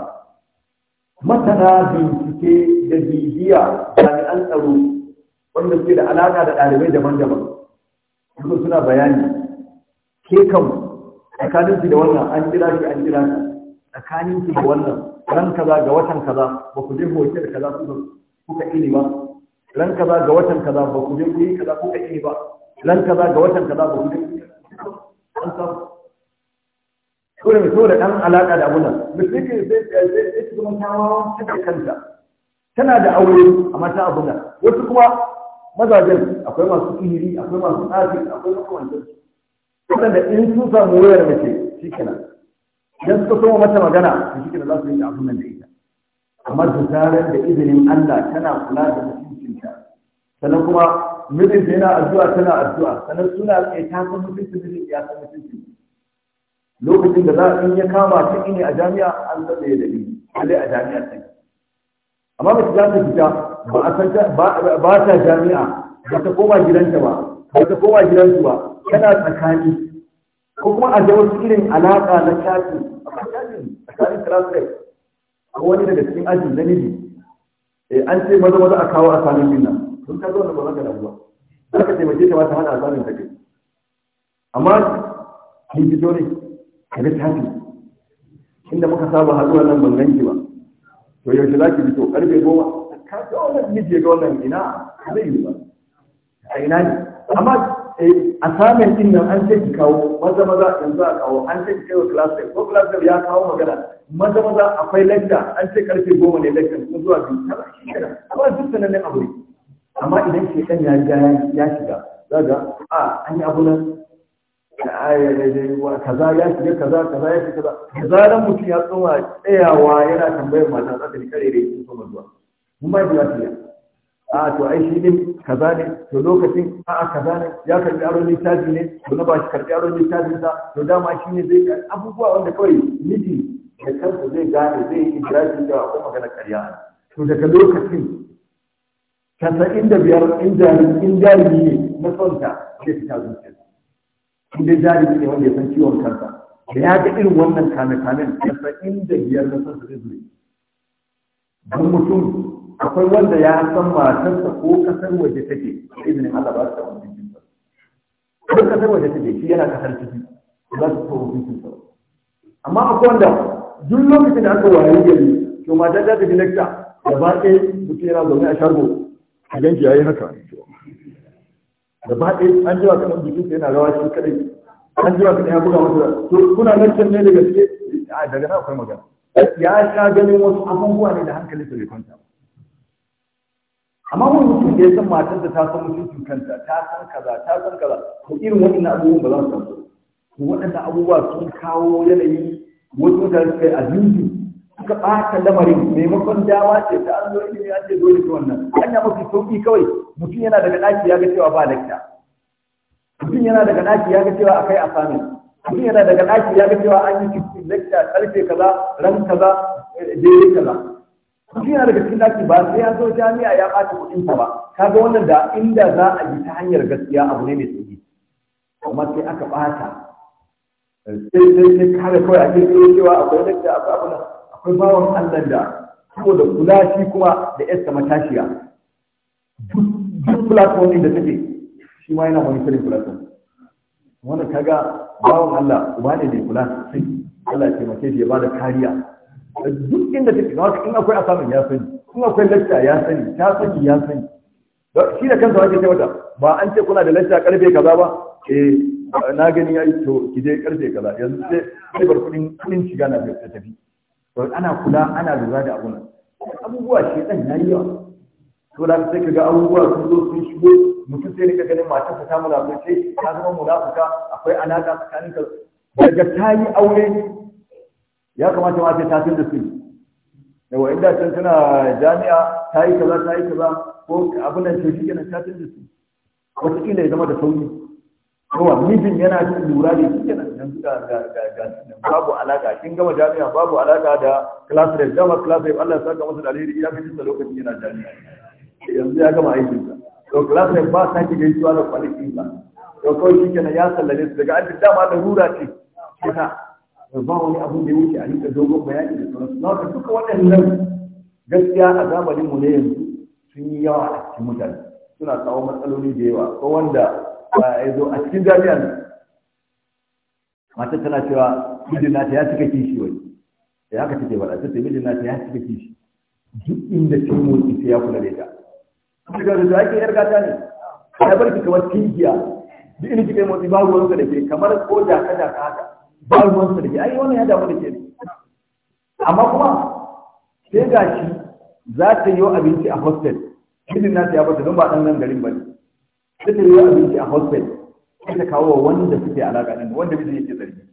masana bincike da bibiya jami'an tsaro wanda suke da alaƙa da ɗalibai daban-daban duka suna bayani ke kan tsakanin da wannan an kira shi an kira shi tsakanin da wannan ran kaza ga watan kaza ba ku je da kaza kuka kuka ini ba ran kaza ga watan kaza ba ku je kuyi kaza kuka ini ba ran kaza ga watan kaza ba ku je an samu ko da mutum da ɗan alaƙa da abuna musulmi eh, sai sai su zama tawawa ta da kanta tana da aure amma ta abuna wasu kuma mazajen akwai masu ihiri akwai masu tsafi akwai makamantar waɗanda in sun samu wayar mace shi kenan idan suka soma mata magana to shi kenan za su yi abun nan da ita amma da zarar da izinin Allah tana kula da mutuncinta sannan kuma mijinta yana addu'a tana addu'a sannan suna tsaye ta san mutunci mijin ya san mutunci lokacin da za a in ya kama ta ne a jami'a an zaɓe ya daɗi alai a jami'a ta amma ba ta za ta fita ba a san ba ta jami'a ba ta koma gidanta ba ba ta koma gidansu ba tana tsakani ko kuma a da wasu irin alaƙa na shafi a tsakanin tsakanin classmate ko wani daga cikin ajin na miji eh, an ce maza maza a kawo a sanin nan kun ka zo da ba za ka damu ba za ka taimake ta ba ta hana asarin ta kai amma kin fito ne ka ga tafi inda muka saba haɗuwa nan ban ganki ba to yaushe za ki fito karfe goma ka ga wannan miji ga wannan ina zai yi ba a ina ne amma a samun din nan an ce ki kawo maza maza in za a kawo an ce ki kai wa class ko class ya kawo magana maza maza akwai lecture an ce karfe goma ne lecture sun zuwa biyu kaza shi kenan amma duk sanannen abu ne amma idan shekan ya riga ya shiga za ga a an yi abu nan kaza ya shiga kaza kaza ya shiga kaza Kaza zaran mutum ya tsoma tsayawa yana tambayar mata za ta bi kare da yake so zuwa mun ba ya tiya a to ai shi ne kaza ne to lokacin a a kaza ne ya karbi aron littafi ne to na ba shi karbi aron littafin sa to dama shi ne zai abubuwa wanda kawai miji da kansa zai gane zai yi idraki da kuma magana karya to daga lokacin tasa'in da biyar in jarumi in jarumi ne na sonta zai fita zuciya in dai jarumi ne wanda ya san ciwon kansa da ya ga irin wannan kame-kamen casa'in da biyar na sonta zai zuciya don mutum akwai wanda ya san matarsa ko kasar waje take a izinin Allah ba su da wani jinsa ko kasar waje take shi yana kasar ciki za su so wani jinsa amma akwai wanda duk lokacin da aka wayo gari to da ta tafi lecture da ba ɗaya mutum yana zaune a shago a ganki yayi haka da ba ɗaya an jiwa kan jikin sa yana rawa shi kaɗai an jiwa kan ya buga masa to kuna nan ne da gaske a daga nan akwai magana ya sha ganin wasu abubuwa ne da hankali su bai kwanta amma wani mutum da ya san matar da ta san mutuncin kanta ta san kaza ta san kaza ko irin waɗannan abubuwan ba za su san su waɗannan abubuwa sun kawo yanayi wasu mutane su kai a abinci suka ɓata lamarin maimakon dama ce ta an zo ilimi an ce dole ta wannan hanya mafi sauƙi kawai mutum yana daga ɗaki ya ga cewa ba lakta mutum yana daga ɗaki ya ga cewa akai assignment mutum yana daga ɗaki ya ga cewa an yi cikin lakta ƙarfe kaza ran kaza eh, daidai kaza mutum yana daga cikin ɗaki ba sai ya zo jami'a ya ɓata kuɗin ba kaga wannan da inda za a yi ta hanyar gaskiya abu ne mai sauƙi amma sai aka ɓata sai sai sai kare kawai a ke cewa akwai lakta akwai abu nan akwai bawan Allah da da kula shi kuma da yasta matashiya duk platform ne da take shi ma yana monitoring platform wannan kaga bawan Allah uba ne mai kula sai Allah ya taimake shi ya bada kariya duk inda take ga in akwai asamin ya sani kuma akwai lacca ya sani ta sani ya sani shi da kansa wake ce mata ba an ce kuna da lacca karfe kaza ba eh na gani ya yi to ki je karfe kaza yanzu sai bar kudin kudin shiga na tafi to ana kula ana lura da abun abubuwa shi dan yayi yawa to da sai kaga abubuwa sun zo sun shigo mutum sai ka ganin mata ta samu lafiya sai ta zama munafuka akwai alaka tsakanin ka daga ta yi aure ya kamata ma sai ta tun da su da inda can tana jami'a ta yi kaza ta yi kaza ko abin da ke shi kenan ta tun da su wataƙila ya zama da sauri yawa mijin yana jin lura da shi kenan yanzu ga ga ga babu alaka kin gama jami'a babu alaka da class rate dama class rate Allah ya saka masa dalili ya fi da lokacin yana jami'a yanzu ya gama aikin sa to class rate ba sake gaisuwa da kwalifi ba to kawai shi kenan ya sallame su daga abin dama da rura ce kisa ba wani abu da ya wuce a rika dogon bayani da sauransu na wata duka waɗannan gaskiya a zamanin mu ne yanzu sun yi yawa a cikin mutane suna kawo matsaloli da yawa ko wanda ya zo a cikin jami'an mata tana cewa mijin nata ya cika kishi wani da haka take faɗa ta ce mijin nata ya cika kishi duk inda ta yi motsi sai ya kula da ita kuma ga zuwa ake yar gata ne ya bar ki kamar kingiya duk inda kika yi motsi ba wani da ke kamar ko da ka da ka haka ba wani da ke ai wannan ya damu da ke amma kuma sai ga shi za ta yi abinci a hostel mijin nata ya bata don ba ɗan nan garin ba ne sai ne yi abinci a hospital sai ta kawo wanda suke alaƙa ɗin wanda mijin yake zargi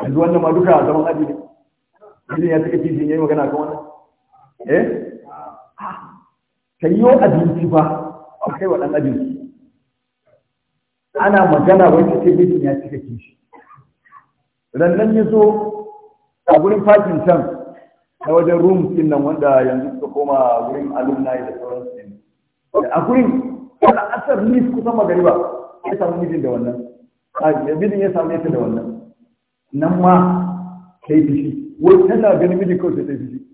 yanzu wannan ma duka a zaman ajiye bizin ya suka fifin ya yi magana kan wannan eh ka yi abinci ba a kai wa ɗan abinci. ana magana wani ce bizin ya cika kishi rannan ya zo a gurin fakin can na wajen rooms din nan wanda yanzu suka koma wurin alumni da sauransu din a gurin kada asar ni kusan magariba ya samu mijin da wannan ya mijin ya samu yata da wannan nan ma ta yi fishi wai tana ganin miji kawai sai ta yi fishi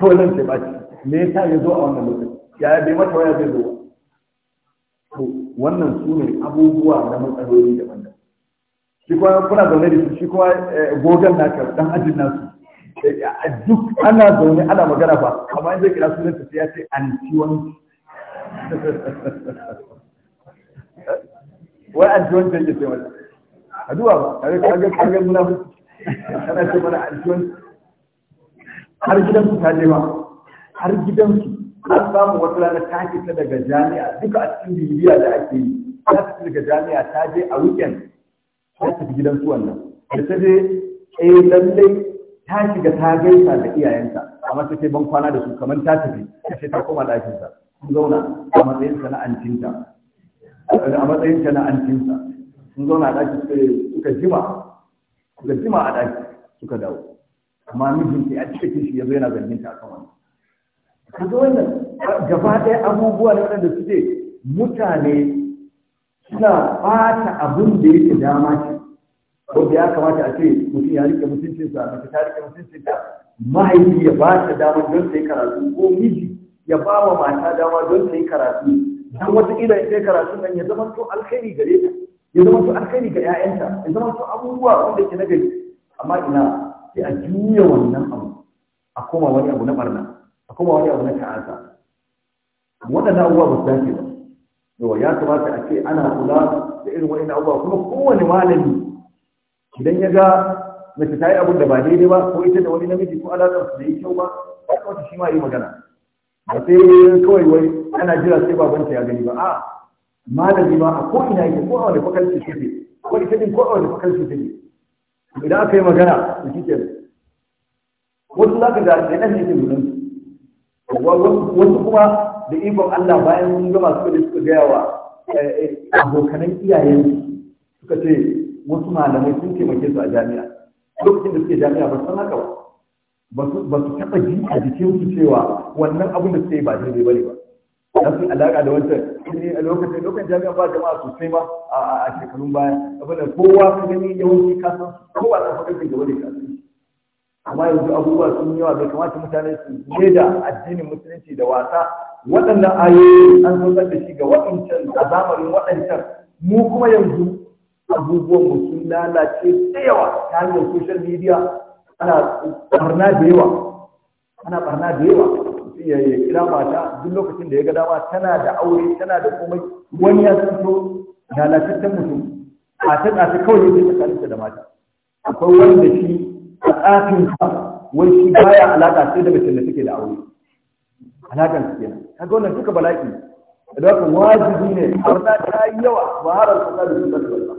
kawai sai ba ci me yasa ya zo a wannan lokaci yaya bai mata waya zai zo to wannan su ne abubuwa na matsaloli daban-daban shi kuma kuna zaune da su shi kuma eh, gogon naka dan ajin nasu eh, duk ana zaune ana magana ba amma in zai kira sunan ta sai ya ce wai addu'an ta yake wata addu'a ba a ka ga kagan muna kana ce mana addu'an har gidan su ta je har gidan su an samu wata rana ta fita daga jami'a duka a cikin bibiya da ake yi ta fita daga jami'a ta je a weekend ta tafi gidan su wannan da ta je eh lallai ta shiga ta gaisa da iyayenta amma ta ce ban kwana da su kamar ta tafi ta ce ta koma ɗakinsa zauna a matsayin sana'ancinta a matsayin sana'ancinsa sun zauna a ɗaki suka jima suka jima a ɗaki suka dawo amma mijinta ya cika kishi ya zo yana zargin ta akan wannan kaga wannan gaba ɗaya abubuwa ne waɗanda suke mutane suna fata abin da yake dama ce wanda ya kamata a ce mutum ya rike mutuncinsa mace ta rike mutuncinta mahaifi ya ba ta damar don ta yi karatu ko miji ya ba wa mata dama don ta yi karatu don wata ila ya kai karatu nan ya zama to alkhairi gare ta ya zama to alkhairi ga 'ya'yanta ya zama to abubuwa wanda ke nagari amma ina sai a juya wannan abu a koma wani abu na barna a koma wani abu na ta'aza. waɗannan abubuwa ba su dace ba Yau ya kamata a ce ana kula da irin wani abubuwa kuma kowane malami idan ya ga mace ta yi abin da ba daidai ba ko ita da wani namiji ko alaƙar su da yi kyau ba ya kamata shi ma yi magana ba sai kawai wai ana jira sai babanta ya gani ba a malami ma a ko ina yake ko a wani fakalci take ko ita din ko a wani fakalci take idan aka yi magana da kike wasu za ka ga da nan yake nuna wasu kuma da ikon Allah bayan sun gama suka da suka gaya wa eh, eh, abokanan iyayen suka ce wasu malamai sun taimake su a jami'a lokacin da suke jami'a ba san haka ba ba su taɓa ji a jikinsu cewa wannan abin da suka yi ba daidai bane ba za su alaƙa da wancan eh, a lokacin lokacin jami'an ba jama'a sosai ba a shekarun baya saboda kowa ka gani yawanci ka san kowa na faɗin kai gaba da ka amma yanzu abubuwa sun yawa bai kamata mutane su je da addinin musulunci da wasa waɗannan ayoyi an da shi ga waɗancan a zamanin waɗancan mu kuma yanzu abubuwan mu sun lalace da yawa ta hanyar social media ana barna da yawa ana barna da yawa ya kira mata duk lokacin da ya ga dama tana da aure tana da komai wani ya fito lalataccen mutum a ta tsaki kawai yake tsakaninta da mata akwai wanda shi a tsafin wai shi baya alaƙa sai da mace da take da aure alakan su kenan kaga wannan duka bala'i da haka wajibi ne barna ta yi yawa ba har su ta da su ba.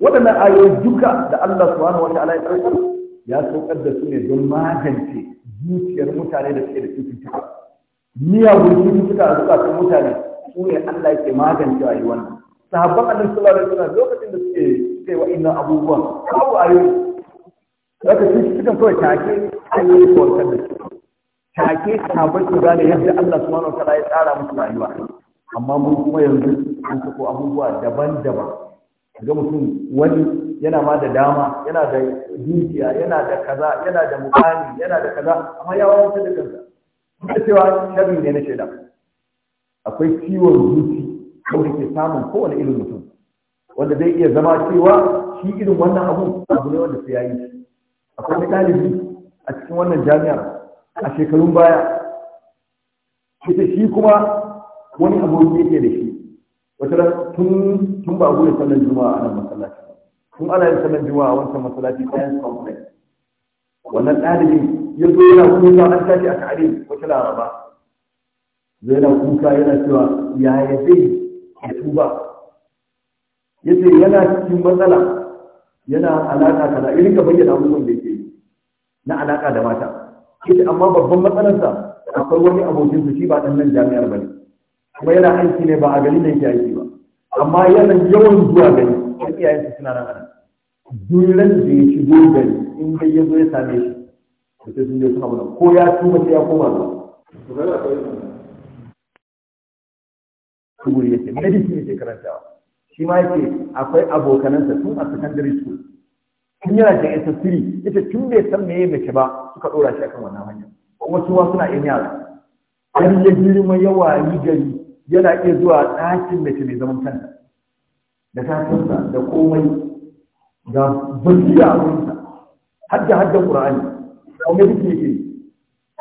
waɗannan ayoyi duka da Allah subhanahu wa ta'ala ya karɓa ya saukar da su ne don magance zuciyar mutane da suke da cututtuka miyagun cututtuka a zukatan mutane su ne Allah yake magance a yi wannan sahabban annabi sallallahu alaihi wasallam lokacin da suke kai wa inna abubuwan babu ayoyi zaka cututtukan kawai take ayoyi ko wannan da su take sahabbai su gane yadda Allah subhanahu wa ta'ala ya tsara musu rayuwa amma mun kuma yanzu an sako abubuwa daban-daban ga mutum wani yana ma da dama yana da dukiya yana da kaza yana da mukami yana da kaza amma ya wayar da kansa kuma cewa sharri ne na shaida akwai ciwon zuci da ke samun kowane irin mutum wanda zai iya zama cewa shi irin wannan abu abu ne wanda sai yayi. akwai wani ɗalibi a cikin wannan jami'ar a shekarun baya ita shi kuma wani abu yake da shi wata ran tun tun ba gure sallan juma'a a nan masallaci tun ana yin sallan juma'a a wancan masallaci science complex wannan ɗalibin ya zo yana kuka an tashi a ta'arin wata laraba zai yana kuka yana cewa yaya zai ya tuba ya ce yana cikin matsala yana alaƙa kaza irin ka bayyana abubuwan da yake na alaƙa da mata yace amma babban matsalarsa akwai wani abokin su shi ba ɗan nan jami'ar bane kuma yana aiki ne ba a gari da yake aiki ba amma yana yawan zuwa gari har su suna nan anan duran da ya shigo gari in bai ya zo ya same shi da sai sun je suna mana ko ya tuba sai ya koma ba tuguri yake medicine yake karantawa shi ma yake akwai abokanansa tun a secondary school tun yana da ita siri yace tun bai san me yake mace ba suka dora shi akan wannan hanya kuma su suna yin yara har ya girma yawa yi gari yana iya zuwa ɗakin mace mai zaman kanta da tafinsa da komai da burkiya a wurinsa hajja hajjan ƙur'ani ko medikin yake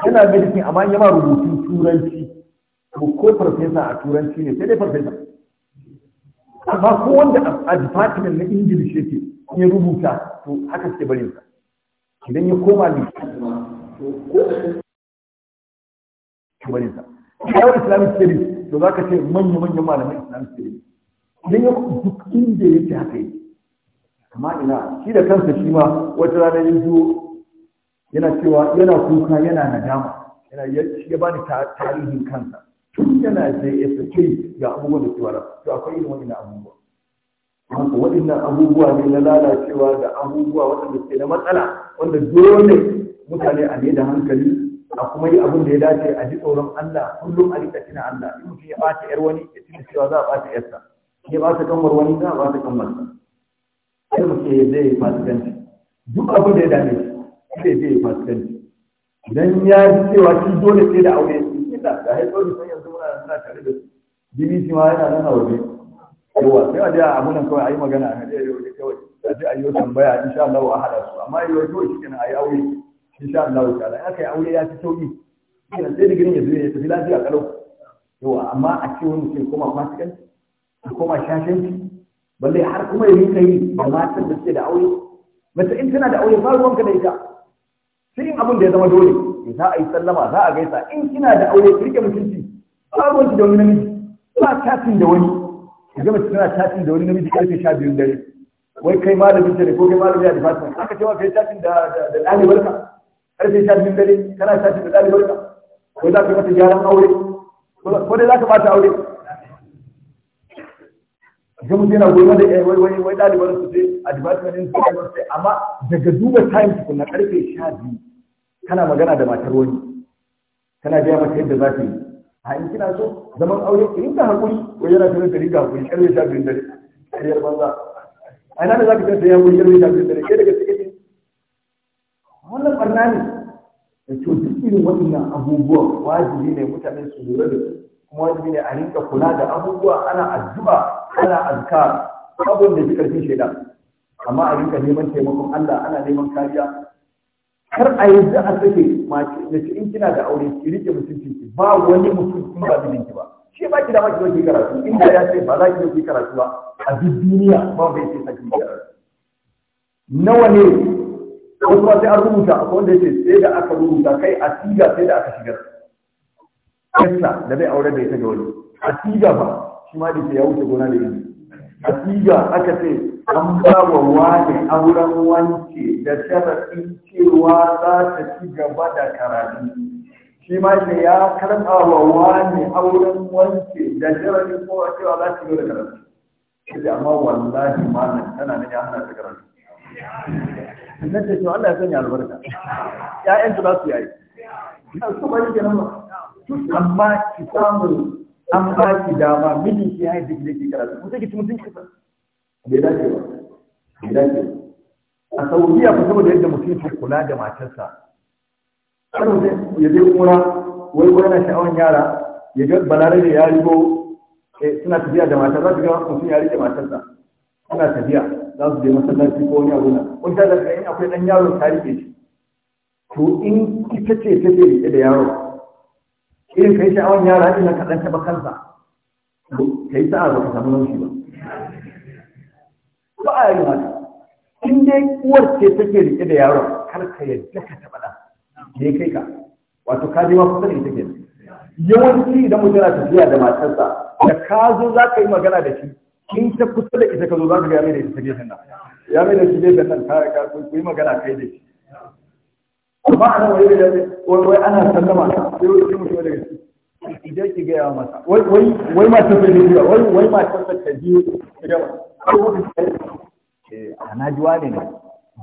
yana medikin amma ma rubutun turanci ko ko farfesa a turanci ne sai dai farfesa amma ko wanda a department na ingilishi yake ya rubuta to haka suke barinsa idan ya koma ne to ko barinsa yawon islamic studies to za ka ce manya-manyan malamin islamic studies idan ya duk inda ya ce haka yi, kama ina shi da kansa shi ma wata rana ya zo yana cewa yana kuka yana nadama yana ya bani tarihin kansa tun yana JSK ga abubuwan da cewa to akwai irin wannan abubuwa haka waɗannan abubuwa ne na lalacewa da abubuwa waɗanda suke da matsala wanda dole mutane a ne da hankali a kuma yi abin da ya dace a ji tsoron Allah kullum a rika tuna Allah in mutum ya bata yar wani ya tuna cewa za a bata yarsa ya bata kanwar wani za a bata kanwar sa sai mutum ya zai fasikanci duk abin da ya dame shi zai zai fasikanci idan ya ji cewa shi dole sai da aure inda ga haifar da sun yanzu muna nan tare da su shi ma yana nan a waje yawa sai a je a abunan kawai a yi magana a hajjiyar yau kawai a je a yi tambaya insha Allah a haɗa su amma yau kawai shi kenan a yi aure In sha Allah ta'ala in aka yi aure ya fi sauki kina sai da gidan ya zuwa ya tafi lafiya kalau yawa amma a ce wani mutum koma fasikanci koma shashanci balle har kuma ya rinka yi da matan da suke da aure mace in tana da aure ba ka da ita sai in abin da ya zama dole za a yi sallama za a gaisa in kina da aure ki rike mutunci ba ki da wani namiji ba chatin da wani ki ga mace tana chatin da wani namiji karfe 12 dare wai kai malamin ta ne ko kai malamin ya da fatima aka cewa kai chatin da da ɗalibarka karfe sha biyu dare kana sha biyu dare barka ko za ka mata gyaran aure ko dai za ka bata aure ga mutum yana gulma da eh, wai wai wai ɗaliban su sai a department din su sai amma daga duba time tukun na karfe sha biyu kana magana da matar wani kana gaya mata yadda za ta yi a in kina so zaman aure ki rinka hakuri ko yana tunan da rinka hakuri karfe sha biyu dare kariyar banza a ina da za ka kanta ya karfe sha biyu dare kai daga wannan barna ne da to duk irin waɗannan abubuwa wajibi ne mutane su lura da kuma wajibi ne a rinka kula da abubuwa ana addu'a ana azka abin da ji karfin shaida amma a rinka neman taimakon Allah ana neman kariya kar a yanzu a sake mace mace in kina da aure ki rike mutunci ki ba wani mutum in ba mijinki ba shi ba ki da maki zoki karatu in da ya ce ba za ki yi karatu ba a duk duniya ba bai ce saki karatu nawa ne ko kuma sai an rubuta akwai wanda yake sai da aka rubuta kai a siga sai da aka shigar kessa da bai aure da ita ga wani a siga ba shi ma da ya wuce gona da yanzu a siga aka ce an ba wa wani auren wance da sharaɗin cewa za ta ci gaba da karatu shi ma da ya karɓa wa wani auren wance da sharaɗin kowa cewa za ta ci gaba da karatu. Sai amma wallahi ma malam tana nan ya hana ta karatu. nan da cewa Allah ya sanya albarka ƴaƴan za su yayi su bari kenan ba amma ki samu an ba ki dama mijin ki yayi duk da ki karatu ku take mutum ki san bai dace ba bai dace a saudiya ku saboda yadda mutum ke kula da matarsa kar ya je kura wai ko yana sha'awan yara ya ga balarabe ya yi rigo eh, suna tafiya da matarsa za su ga mutum ya rike matarsa suna tafiya za su je masallaci ko wani abu na wani ta daga in akwai dan yaro ta rike shi to in ita ce ta ce rike da yaro irin kai sha'awan yara ina ka ɗan taɓa kansa ka yi sa'a ba ka samu shi ba ba a yi haka in dai uwar ce take rike da yaro, kar ka yadda ka taɓa ɗan da kai ka wato ka je ma kusa da ita ke yawanci idan mutum yana tafiya da matarsa da ka zo za ka yi magana da shi Kin ta kusa da ita ka zo za ka ga da ita gefen nan ya mai da shige gefen nan ka ka ku yi magana kai da shi amma ana wai da wai wai ana sallama sai wai shi mutum daga shi idan ki ga mata wai wai wai ma ta fadi wai wai ma ta ta eh, ji ga eh ana juwa ne ne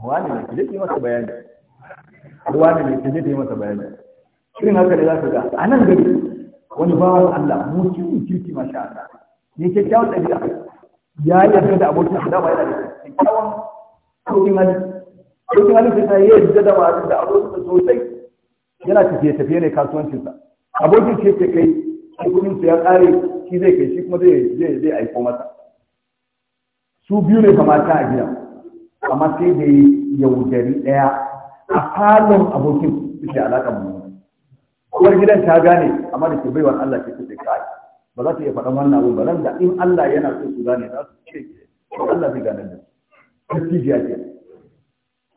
wani ne ki dai masa bayani wani ne ki dai masa bayani irin haka ne za ka ga anan gari wani bawan Allah mutum kirki masha Allah ne kyakkyawan ɗabi'a ya yarda da abokin hada dama yana da kyakkyawan sauƙin hali sauƙin hali sai ta yi yarda da masu da abokin sosai yana tafiye-tafiye ne kasuwancinsa abokin ce ke kai shi kuɗin ya ƙare shi zai kai shi kuma zai zai aiko masa su biyu ne kamata a gidan amma sai da yaudari ɗaya a falon abokin su ke alaƙa mu Kuma gidan ta gane amma da ke baiwa Allah ke ce kai ba za su iya faɗan wannan abin ba nan da in Allah yana so su gane za su ce ko Allah zai gane da su gaskiya ce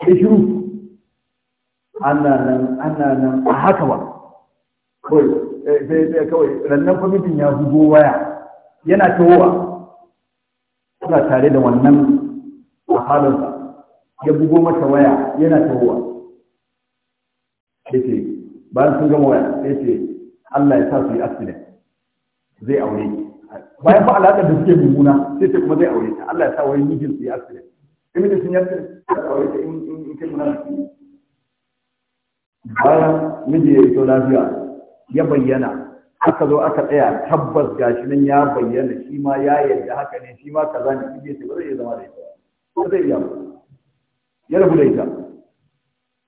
sai shiru ana nan ana nan a haka ba kawai eh, sai sai kawai rannan kwamitin ya zubo waya yana towa suna tare da wannan a halinsa ya bugo mata waya yana Ya ce bayan sun gama waya ya ce Allah ya sa su yi accident zai aure bayan ba alaƙar da suke mummuna sai ta kuma zai aure ta Allah ya sa wani mijin su ya accident in da sun ya accident ya aure ta in kai muna bayan miji ya iso lafiya ya bayyana aka zo aka tsaya tabbas gashi nan ya bayyana shi ma ya yarda haka ne shi ma kaza ne shi ce ba zai iya zama da ita ba zai iya ya rabu da ita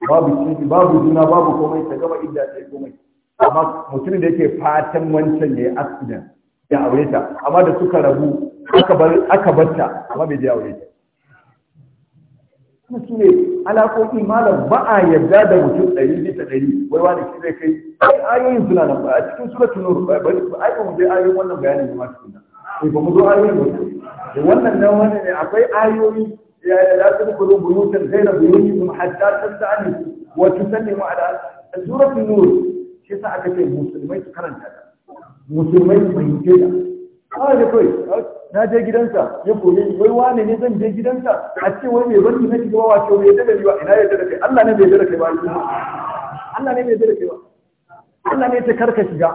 babu shi, babu juna babu komai ta gama idda ta komai amma mutumin da yake fatan wancan ya yi accident ya aure ta amma da suka rabu aka bar ta amma bai je aure ta kuma su ne alaƙoƙi malam ba a yarda da mutum ɗari bisa ɗari wai wani shi zai kai ai ayoyin suna nan ba a cikin suna nur ba bari ba ai mu je ayoyin wannan bayanin ba cikin nan sai ba mu zo ayoyin ba to wannan nan wani ne akwai ayoyi ya ya la tadkhulu buyutan ghayra buyutikum hatta tasta'nisu wa tusallimu ala suratul nur shi sa aka ce musulmai su karanta ta musulmai su fahimce ta kawai da kawai na je gidansa ya koye ni wai wane ne zan je gidansa a ce wai mai barci na shiga wace mai ne, da ina yadda da kai Allah ne bai yadda da kai ba Allah ne bai yadda da kai ba Allah ne ta ce karka shiga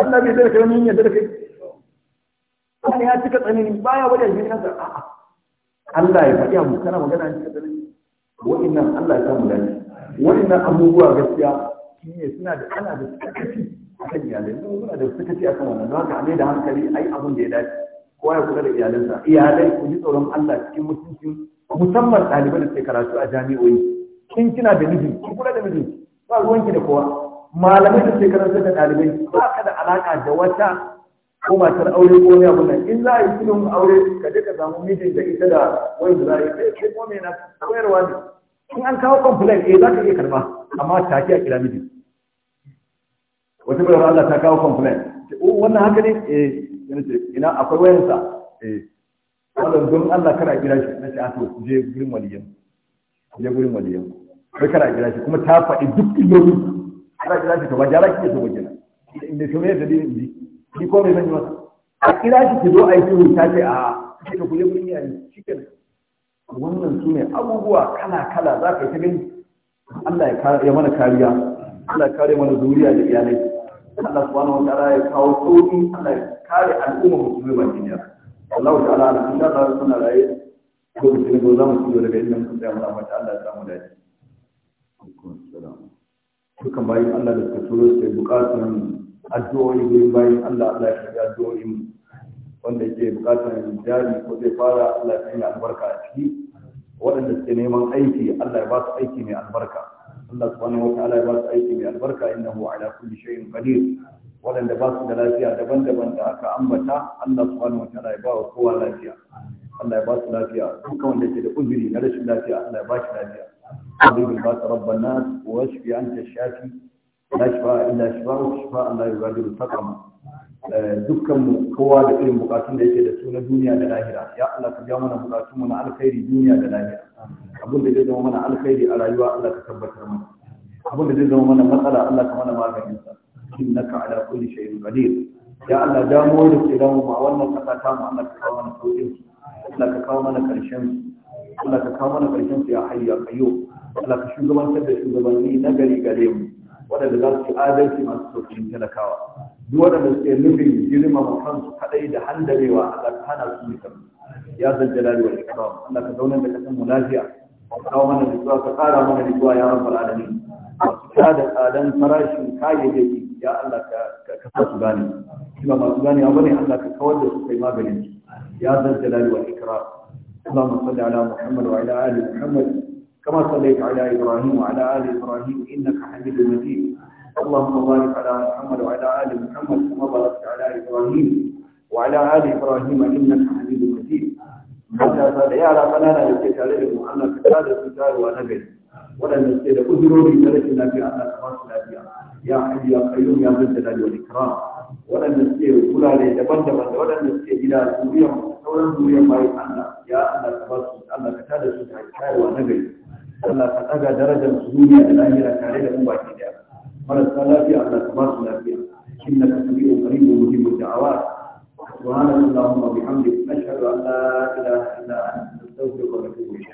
Allah bai yadda da kai wani yadda da kai Allah ya cika tsanani baya wajen gidansa a'a Allah ya faɗi abu kana magana ne cika tsanani wa'innan Allah ya samu dace wa'innan abubuwa gaskiya shi ne suna da ana da sakaci a kan iyalai mu muna da sakaci a kan wannan don haka a da hankali a yi abin da ya dace kowa ya kula da iyalansa iyalai ku ji tsoron Allah cikin mutuncin musamman ɗalibai da suke karatu a jami'o'i in kina da miji ki kula da miji ba ruwanki da kowa malamai da suke karatu da ɗalibai ba ka da alaƙa da wata ko matar aure ko wani abu nan in za a yi filin aure ka je ka samu mijin da ita da wani da za a yi sai ko mai na koyarwa ne in an kawo complaint eh za ka iya karba amma take a kiramidi wata bayar Allah ta kawo complaint oh, wannan haka ne eh yana ce ina akwai sa eh wannan don Allah kana kira shi na ce a ah, to je gurin waliyan je gurin waliyan kai kana kira shi kuma ta faɗi duk illolin kana kira shi to ba jara ke so ba kina inda to da dalilin ji ni ko mai manyan yi a kira shi ki zo a yi sulhu ta ce a kai ka je gurin yayi shikenan wannan su ne abubuwa kala kala za ka yi ta gani Allah ya mana kariya Allah ya kare mana zuriya da iyalai Allah subhanahu wa ta'ala ya kawo sauki Allah ya kare al'umma musulmi ba daya Allah ta'ala na insha Allah suna raye ko mutum ne za mu ci daga inda mutum ya mura mata Allah ya samu dace dukkan bayan Allah da suka turo su bukatun addu'o'i ne bayan Allah Allah ya karbi addu'o'i wanda ke bukatun jari ko zai fara Allah ya sanya albarka a ciki waɗanda suke neman aiki Allah ya ba su aiki mai albarka Allah subhanahu wa ta'ala ya ba su aiki mai albarka innahu ala kulli shay'in qadir waɗanda ba su da lafiya daban-daban da aka ambata Allah subhanahu wa ta'ala ya ba wa kowa lafiya Allah ya ba su lafiya dukkan wanda ke da uzuri na rashin lafiya Allah ya ba shi lafiya ya ba rabban nas wa shfi anta shafi la shifa illa shifa'uk shifa'an la yughadiru saqama Eh, dukkan mu kowa da irin bukatun da yake da su na duniya da lahira ya Allah ka ja mana bukatun mu na alkhairi duniya da lahira abin da zai zama mana alkhairi a rayuwa Allah ka tabbatar mana abin da zai zama mana matsala Allah ka mana maganin sa innaka ala kulli shay'in qadir ya Allah damuwar da ke damu ma wannan kasa ta mu Allah ka kawo mana sauƙin su Allah ka kawo mana ƙarshen su Allah ka kawo mana ƙarshen ya hayya qayyum Allah ka shugabantar da shugabanni na gari gare mu waɗanda za su adalci masu sauƙin talakawa duk waɗanda suke nufin girma girmama kansu kaɗai da handarewa a ka hana su mutum ya zan jalali wa ikram Allah ka zauna da kasan mu lafiya ka kawo mana nutsuwa ka tsara mana nutsuwa ya rabbal alamin masu tada tsadan farashin kayayyaki ya Allah ka ka su gane kuma masu gane abu ne Allah ka kawar da su kai maganin ya zan jalali wa ikram اللهم صل muhammad محمد وعلى ال محمد كما صليت على إبراهيم وعلى آل إبراهيم إنك حميد مجيد اللهم بارك على محمد وعلى آل محمد كما باركت على إبراهيم وعلى آل إبراهيم إنك حميد مجيد حتى صار يا ربنا لا تجعل لهم أنك هذا الكتاب ونبي ولا نستيل أجروا برسلنا في أنك رسول يا حي يا قيوم يا ذا الجلال والإكرام ولا نستيل ولا ليتبندبند ولا نستيل إلى سوريا ولا سوريا ما يتعنى يا أنك رسول أنك هذا الكتاب ونبي Allah ka ɗaga darajar su duniya da lahira tare da mu baki daya marasa lafiya Allah ka ba su lafiya inna ka sami'u qaribun mujibud da'awat subhanaka allahumma bihamdika ashhadu an la ilaha illa anta astaghfiruka wa atubu ilayk